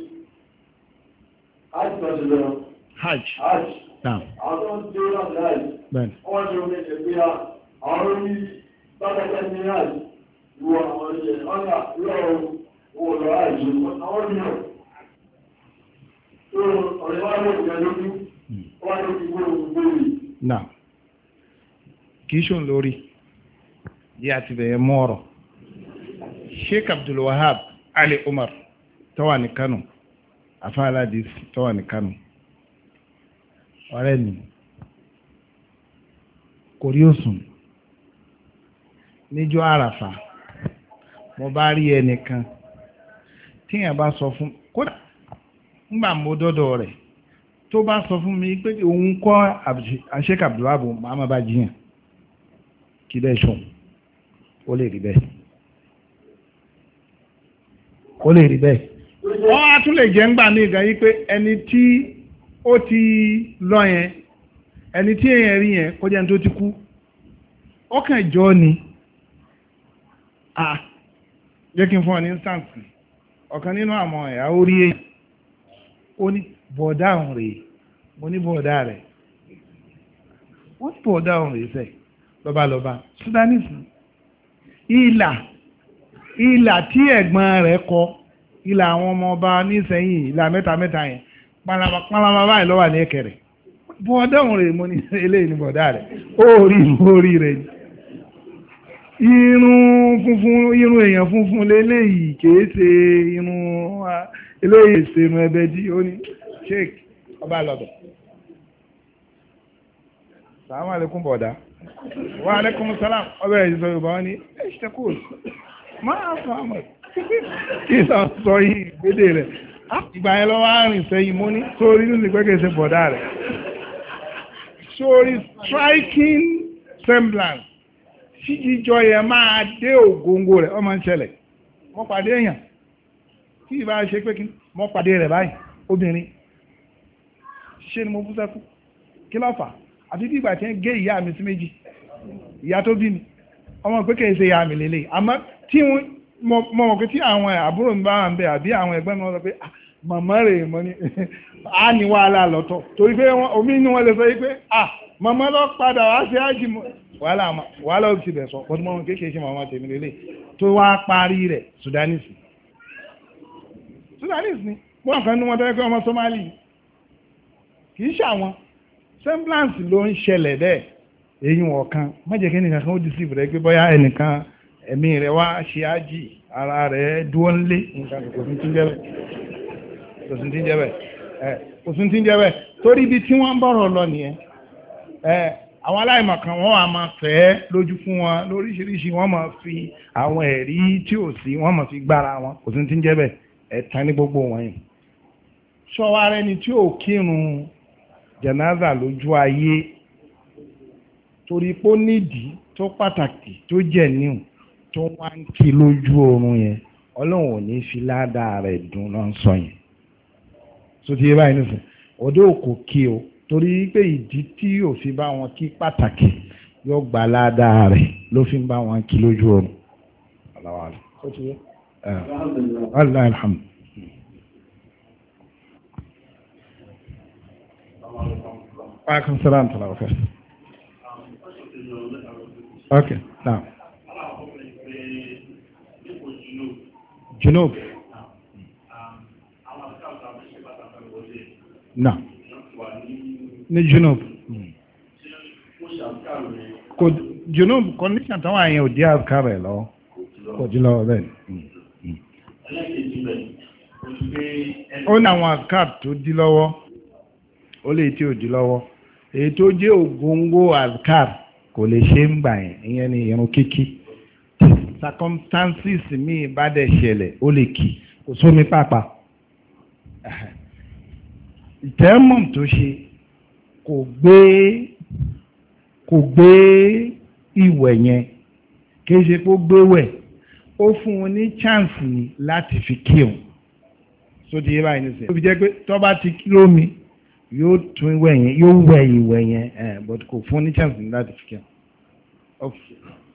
حج حج حج نعم عظمت دولة الحج بل أول يوم الإبياء عربي بدك من الحج هو أنا له هو الحج أول يوم نعم كيشون لوري ياتي بيا مورو شيخ عبد الوهاب علي عمر تواني كانو afá aládìs tó wà ní Kánò ọ̀rẹ́ mi kò rí òsùn níjọ́ àràfà mo bá rí ẹnìkan tíyàn bá sọ fún kódà ńgbà mo dọ́dọ̀ rẹ̀ tó bá sọ fún mi pé òun kọ́ àṣekà abdulhab màmá bá jiyàn kí bẹ́ẹ̀ sùn ó lè rí bẹ́ẹ̀ ó lè rí bẹ́ẹ̀. wọ́n á tún lè jẹ́ ńgbà mí gan pé ẹni tí ó ti lọ yẹn ẹni tí èèyàn rí yẹn tó ti kú ó kàn ni à jẹ́ kí n fún ọ ní instance ọ̀kan nínú àmọ́ ẹ̀yà ó rí èèyàn ó ní òun rèé mo ní rẹ̀ Sudanese ìlà ìlà tí ẹ̀gbọ́n rẹ̀ ìlà àwọn ọmọ ọba nísẹ̀yìn ìlà mẹ́ta mẹ́ta yẹn pálapàlapà báyìí lọ́wọ́ ní ẹ̀kẹ̀rẹ̀ bọ́ọ̀dá òun rẹ̀ mo ní [LAUGHS] eléyìí ní bọ̀dá rẹ̀ ó rí orí rẹ̀ irun funfun irun èèyàn funfun léléyìí kìí ṣe irun eléyìí ìṣèrun ẹbẹ dí ó ní sheik ọba lọ́dọ̀ sàmà lẹ́kùn bọ̀dá wà lẹ́kùn sálàm ọbẹ̀ ìṣòro ìbáwọn ní ẹ̀ṣẹ̀kùn máa fọ́ àmọ̀ ìsàn sọ yìí ìgbédè rẹ̀ ìgbà yẹn lọ́wọ́ àrìn sẹ́yìn mo ní sórí nínú ìgbẹ́kẹ̀sẹ̀ bọ̀dá rẹ̀ sórí striking semblance tí jíjọ yẹn máa dé ògóńgó rẹ̀ ọmọ ń ṣẹlẹ̀ mo pàdé èèyàn kí ìbá ṣe pé kí mo pàdé rẹ̀ báyìí obìnrin ṣé ni mo bú sẹ́kù kí ló fà àfi bí ìgbà tí ń gé ìyá mi sí méjì ìyá tó bí mi ọmọ pé kì í ṣe ìyá mi lélẹ̀ àmọ́ tí wọ́n mo mọ̀ pé tí àwọn àbúrò mi bá wà ń bẹ àbí àwọn ẹ̀gbọ́n mi wọ́n sọ pé ah, màmá rẹ̀ mọ́ ni [LAUGHS] a ní wàhálà lọ́tọ̀ torí pé omi inú wọn lè sọ pé ah màmá lọ padà wá sí àjì wàhálà ó ti bẹ̀ sọ pọ̀tù mọ́ kéèkéé ṣe màmá tèmi lélẹ̀ tó wá parí rẹ̀ Sudanese ni Sudanese ni wọ́n kàn ní wọn tẹ́lẹ̀ pé ọmọ Somali kì í ṣàwọn semblance ló ń ṣẹlẹ̀ bẹ́ẹ̀ èyí wọ̀ọ̀kan má jẹ́ kí ẹnìkan kan ó dìsí ìbùrẹ́ pé bọ́yá ẹnìkan ẹ̀mí rẹ̀ wá ṣe ájì ara rẹ̀ dúó ń lé nǹkan kò sí ti ń jẹ́ bẹ́ẹ̀ kò sí ti ń jẹ́ bẹ́ẹ̀ torí ibi tí wọ́n ń bọ̀rọ̀ lọ nìyẹn àwọn aláìmọ̀kan wọ́n á máa fẹ́ lójú fún wọn lóríṣiríṣi wọ́n máa fi àwọn ẹ̀rí tí ò sí wọ́n máa fi gbára wọn kò sí ń jẹ́ bẹ́ẹ̀ ẹ̀tàn ní gbogbo wọn yìí sọ́wọ́ ara tí ò kírun jẹ̀náza lójú ayé torí pé nídìí tó pàtàkì tó jẹ̀ níhùn tó wá ń kí lójú oorun yẹn ọlọ́run ò ní fi ládàá rẹ̀ dùn náà ń sọ yẹn tó ti yé báyìí nìsín ọdẹ òkò kí o torí pé ìdí tí òfin bá wọn kí pàtàkì yóò gbà ládàá rẹ̀ ló fi ń bá wọn kí lójú oorun. Tó ti ah. Okay, now. Junob. Na. Ní Junob. Kò Junob condition táwọn àyẹ̀wò dí àkàrẹ̀ lọ. Kò jí lọ bẹ́ẹ̀. Ó ní àwọn àkàr tó dí lọ́wọ́. Ó lè tí ò dí lọ́wọ́. Èyí tó jẹ́ ògóńgó àkàr kò lè ṣe ń gbà circumstances míì bá dẹ̀ ṣẹlẹ̀ ó lè kì kò sómi pàpà ìtẹ́mọ̀m tó ṣe kò gbé kò gbé ìwẹ̀ yẹn kì í ṣe kó gbéwẹ̀ ó fún un ní chance ni láti fi kírun sóti yé báyìí nísìnyí. ó fi jẹ́ pé tó bá ti kí lómi yóò tún ìwẹ̀ yẹn yóò wẹ̀ ìwẹ̀ yẹn eh, but kò fún un chance ni láti fi kírun.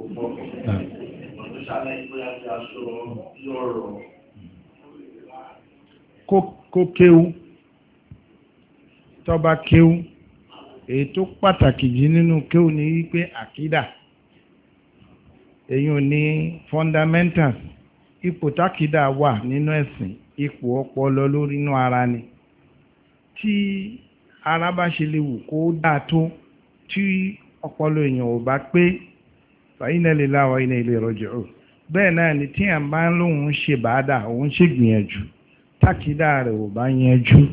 kò mọ́ ọ̀dọ́ sálẹ̀ ìgbéyà ti aṣọ yọ̀rọ̀. kó kéwú tọ́ba kéwú èyí tó pàtàkì jù nínú kéwú ni wípé àkídà èyí ò ní fundamentals ipò tákìdá wà nínú ẹ̀sìn ipò ọpọlọ lórí inú ara ni tí ara bá ṣe lè wù kó dáa tó tí ọpọlọ èèyàn ò bá pé fàyínà lè láwọ ilé ìrọ̀jẹ̀ o bẹ́ẹ̀ náà ni tí à ń bá ń ṣe bàádà òun ṣe gbìyànjú tákìdá ò bá yanjú ni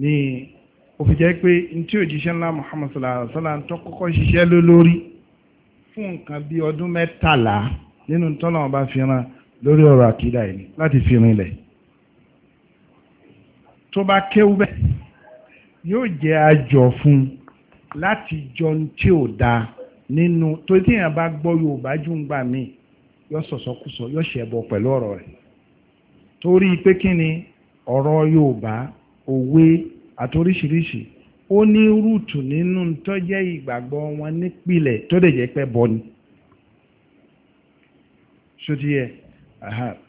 ni ó fi jẹ́ pé n òjíṣẹ́ ńlá Muhammad sallallahu alaihi wa sallam tó kọ́kọ́ ṣiṣẹ́ fún nǹkan ọdún mẹ́tàlá nínú tọ́nà ọba lórí ọ̀rọ̀ fi tó bá kéwú bẹ́ẹ̀ yóò jẹ́ àjọ láti jọ tí ò dáa nínú torí tí èèyàn bá gbọ́ Yorùbá jù ń gbà míì yọ sọ̀sọ́kùsọ yọ ṣẹ̀bọ̀ pẹ̀lú ọ̀rọ̀ rẹ̀ torí pé kí ni ọ̀rọ̀ Yorùbá òwe àtoríṣiríṣi ó ní rúùtù nínú tó jẹ́ ìgbàgbọ́ wọn nípìlẹ̀ tó dẹ̀ jẹ́ pé bọ́ ni ṣòtí yẹ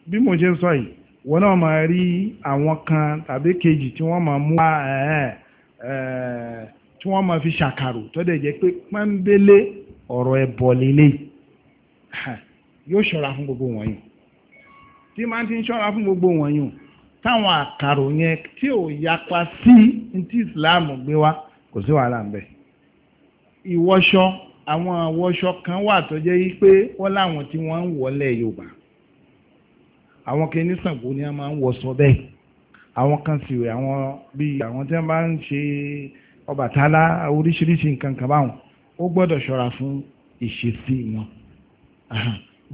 bí mo ṣe ń sọ yìí wọn náà máa rí àwọn kan tàbí kejì tí wọ́n máa mú wá ẹ̀ẹ́ tí wọ́n máa fi ṣàkàrò tó dẹ̀ jẹ́ pé pọ́nbélé ọ̀rọ̀ ẹbọ lélẹ̀ yóò ṣọ́ra fún gbogbo wọ̀nyí tí máa ti ń ṣọ́ra fún gbogbo wọ̀nyí táwọn àkàrò yẹn tí ò yapa sí ti Islam gbé wá kò sí wàhálà ń bẹ ìwọṣọ àwọn àwọṣọ kan wà tó jẹ́ yí pé wọ́n láwọn tí wọ́n ń wọlé Yorùbá àwọn kan ní ni a máa ń wọṣọ bẹ́ẹ̀ àwọn kan sì rẹ̀ àwọn bíi àwọn tí wọ́n bá ń ṣe. Ọbàtálá oríṣiríṣi nǹkan kan báwọn ó gbọ́dọ̀ ṣọ́ra fún ìṣesí wọn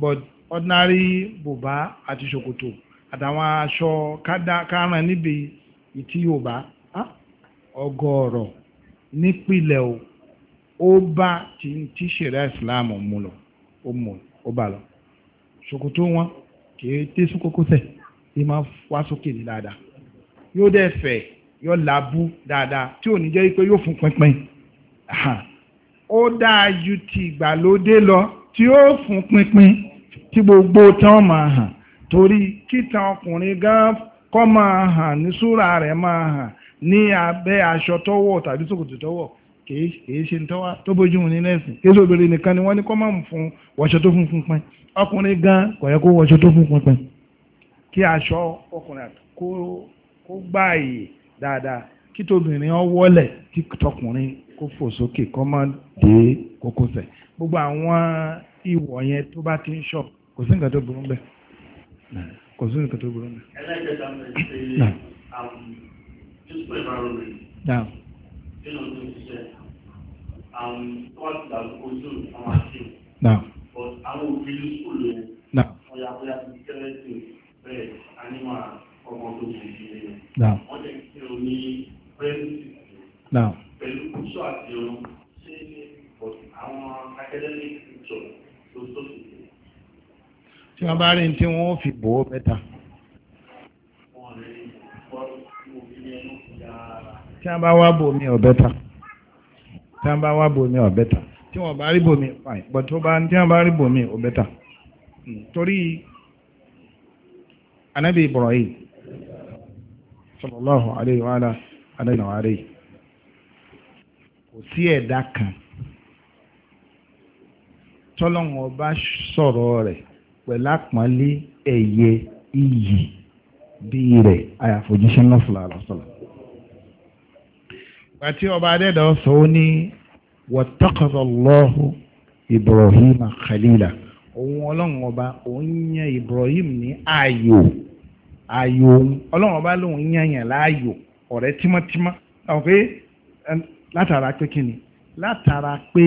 but ordinary bùbá àti ṣòkòtò àtàwọn aṣọ kárán níbi ìtí Yorùbá ọgọ́rọ̀ nípìnlẹ̀ o ó bá ti ń tí ṣẹ̀dá ìsìláàmù mu lọ ó mú ó bá lọ ṣòkòtò wọn kì í tẹ́sùn kókósẹ̀ ìmọ̀ wá sókè ní dáadáa yóò dẹ̀ fẹ̀ẹ́ yóò labu dáadáa tí ò ní jẹ́ pé yóò fún pínpín ó dáa ju ti ìgbàlódé lọ tí ó fún pínpín tí gbogbo tán máa hàn torí kítan ọkùnrin gan kọ́ máa hàn ní súra rẹ̀ máa hàn ní abẹ́ aṣọ tọ́wọ̀ tàbí ṣòkòtò tọ́wọ̀ kìí ṣe tó bójú mu ní lẹ́sìn kí sóbìnrin nìkan ni wọ́n ní kọ́ máa fún wọṣọ tó fún pínpín ọkùnrin gan kò yẹ kó wọṣọ tó fún pínpín kí aṣọ ọkùnrin kó gbáàyè dáadáa kí tóbìnrin ọ wọlẹ̀ kí tọkùnrin kó fò sókè kó má dé kókósẹ̀ gbogbo àwọn ìwọ̀ yẹn tó bá ti ń ṣọ̀ kò sí nǹkan tó burú bẹ́ẹ̀ kò sí nǹkan tó burú bẹ́ẹ̀. ẹlẹ́gbẹ̀ta mi ṣe àwọn ìṣúpẹ̀ ìbáròyìn nínú tó ń ṣiṣẹ́ àwọn um, wọ́n ti um, dàgbò ojú àwọn àti àwọn òbí ní sùúrù yẹn wọ́n yà ti kẹ́rẹ́ sí bẹ́ẹ̀ ànímọ̀ àti. ọmọ tó ṣe ṣe rẹ̀. wọ́n jẹ́ kí o ní pẹ́ẹ́sì pẹ̀lú kúṣọ́ àti ọ̀run ṣé àwọn academic picture tó tó ṣe ṣe. tí wọ́n bá rí tí wọ́n fi bò ó mẹ́ta. tí wọ́n bá wá bò ọ̀bẹ ta tí wọ́n bá wá bò ọ̀bẹ ta tí wọ́n bá rí bò fine but tó bá tí wọ́n bá rí bò ọ̀bẹ ta hmm. torí anabi Ibrahim sallallahu alayhi wa alayhi wa alayhi kò sí ẹ̀dá kan tọ́lọ́run ọba sọ̀rọ̀ rẹ̀ pẹ̀lú àpọ́nlé ẹ̀yẹ iyì bíi rẹ̀ náà sọ̀rọ̀ àlọ́sọ̀rọ̀ pàtí ọba adẹ́dọ̀ sọ ní Ibrahim khalila òun ọlọ́run ọba òun Ibrahim ní ààyò ayò òun ọlọ́run ọba lòun yànyàn láàyò ọ̀rẹ́ tímọ́tímọ́ ọ̀fẹ́ látara pé kí látara pé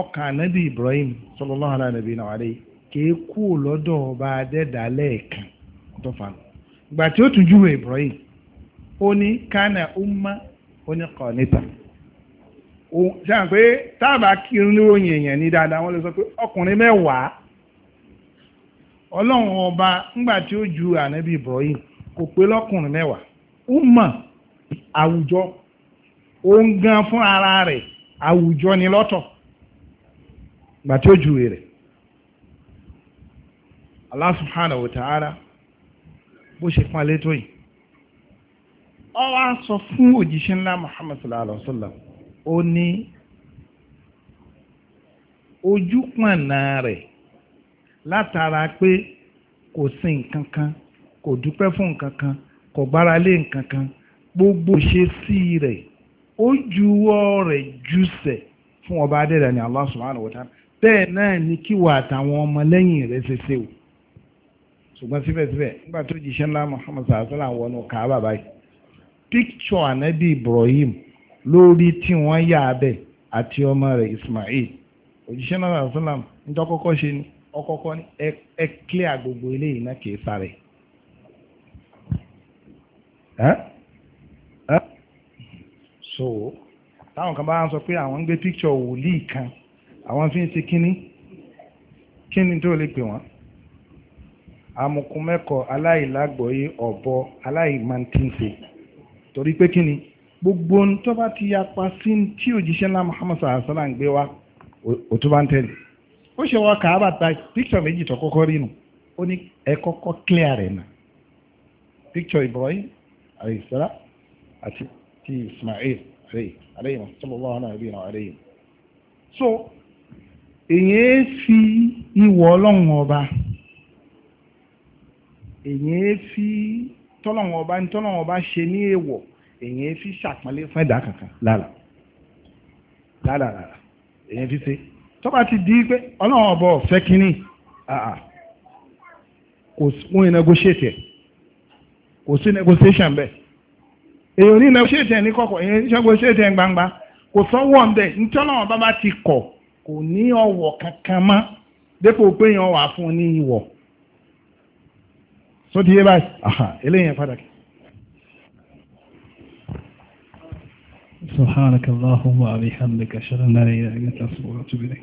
ọkàn anabi Ibrahim sallallahu alaihi wa sallam kìí kú lọ́dọ̀ ọba adẹ́dà lẹ́ẹ̀kan tó fa lọ ìgbà tí ó tún Ibrahim ó ní kánà ó ní pé táàbà kírun ní ròyìn èèyàn ní dáadáa ọlọ́run ọba ńgbà tí ó ju ànábì Ibrahim kò pé lọ́kùnrin mẹ́wàá ó mọ̀ àwùjọ òun gan fún ara rẹ̀ àwùjọ ni lọ́tọ̀ ńgbà tí ó ju rẹ̀ Allah ò tààrà bó ṣe pọn létò yìí sọ fún òjíṣẹ́ ńlá sallallahu alaihi wa sallam látara pé kò sin nǹkan kan kò dúpẹ́ fún nǹkan kan kò gbára lé nǹkan kan gbogbo ṣe sí rẹ̀ ó juwọ́ rẹ̀ jùsẹ̀ fún ọba adẹ́dà ní Allah subhanahu wa ta'ala bẹ́ẹ̀ náà ni kíwà àtàwọn ọmọ lẹ́yìn rẹ̀ ṣe ṣe o ṣùgbọ́n síbẹ̀síbẹ̀ nígbà tó jíṣẹ́ ńlá Muhammad sàásàlà wọnú Kaaba báyìí píkṣọ ànábì Ibrahim lórí tí wọ́n yà á bẹ̀ àti ọmọ rẹ̀ Ismail òjíṣẹ́ náà sàásàlà ń tọ́kọ́kọ́ ṣe ni ọkọ̀ọ̀kọ́ ní ẹ clear gbogbo eléyìí náà kìí sáré. so táwọn kan bá ń sọ pé àwọn ń gbé picture wòlíì kan àwọn fi ń ṣe kínní kínní tó lè pè wọ́n amukumẹ́kọ̀ aláìlágbọ̀ọ́yé ọ̀bọ aláìmọ̀tíǹsẹ̀ torí pé kínní gbogbo ohun tó bá ti yapa sí tí òjíṣẹ́ ńlá Muhammad sallallahu ń gbé wa òtún bá ń tẹ̀lé. ó ṣe wọ kàábà ta píkṣọ méjì tó kọ́kọ́ rí nù ó ní ẹ kọ́kọ́ clear rẹ̀ nà píkṣọ Ibrahim àyèsára àti ti Ismail àlẹ́yìn sallallahu alaihi wa so èyàn é fi ìwọ ọlọ́run ọba èyàn é fi tọ́lọ́run ọba ní tọ́lọ́run ọba ṣe ní èèwọ̀ èyàn é fi ṣàpọ́nlé fún ẹ̀dá kankan lára lára fi ṣe. tó ti di pé ọlọ́run ọba ọ̀fẹ́ kínní kò wọ́n negotiate kò sí negotiation bẹ́ẹ̀ èèyàn ní negotiate ní ní gbangba kò sọ́wọ́ ọ̀bẹ nítorí bá ti kọ̀ kò ní ọ̀wọ̀ kankan mọ́ dépò pé èèyàn wà fún ní ìwọ̀ tó yé báyìí pàtàkì. سبحانك اللهم وبحمدك اشهد ان لا اله الا انت استغفرك واتوب اليك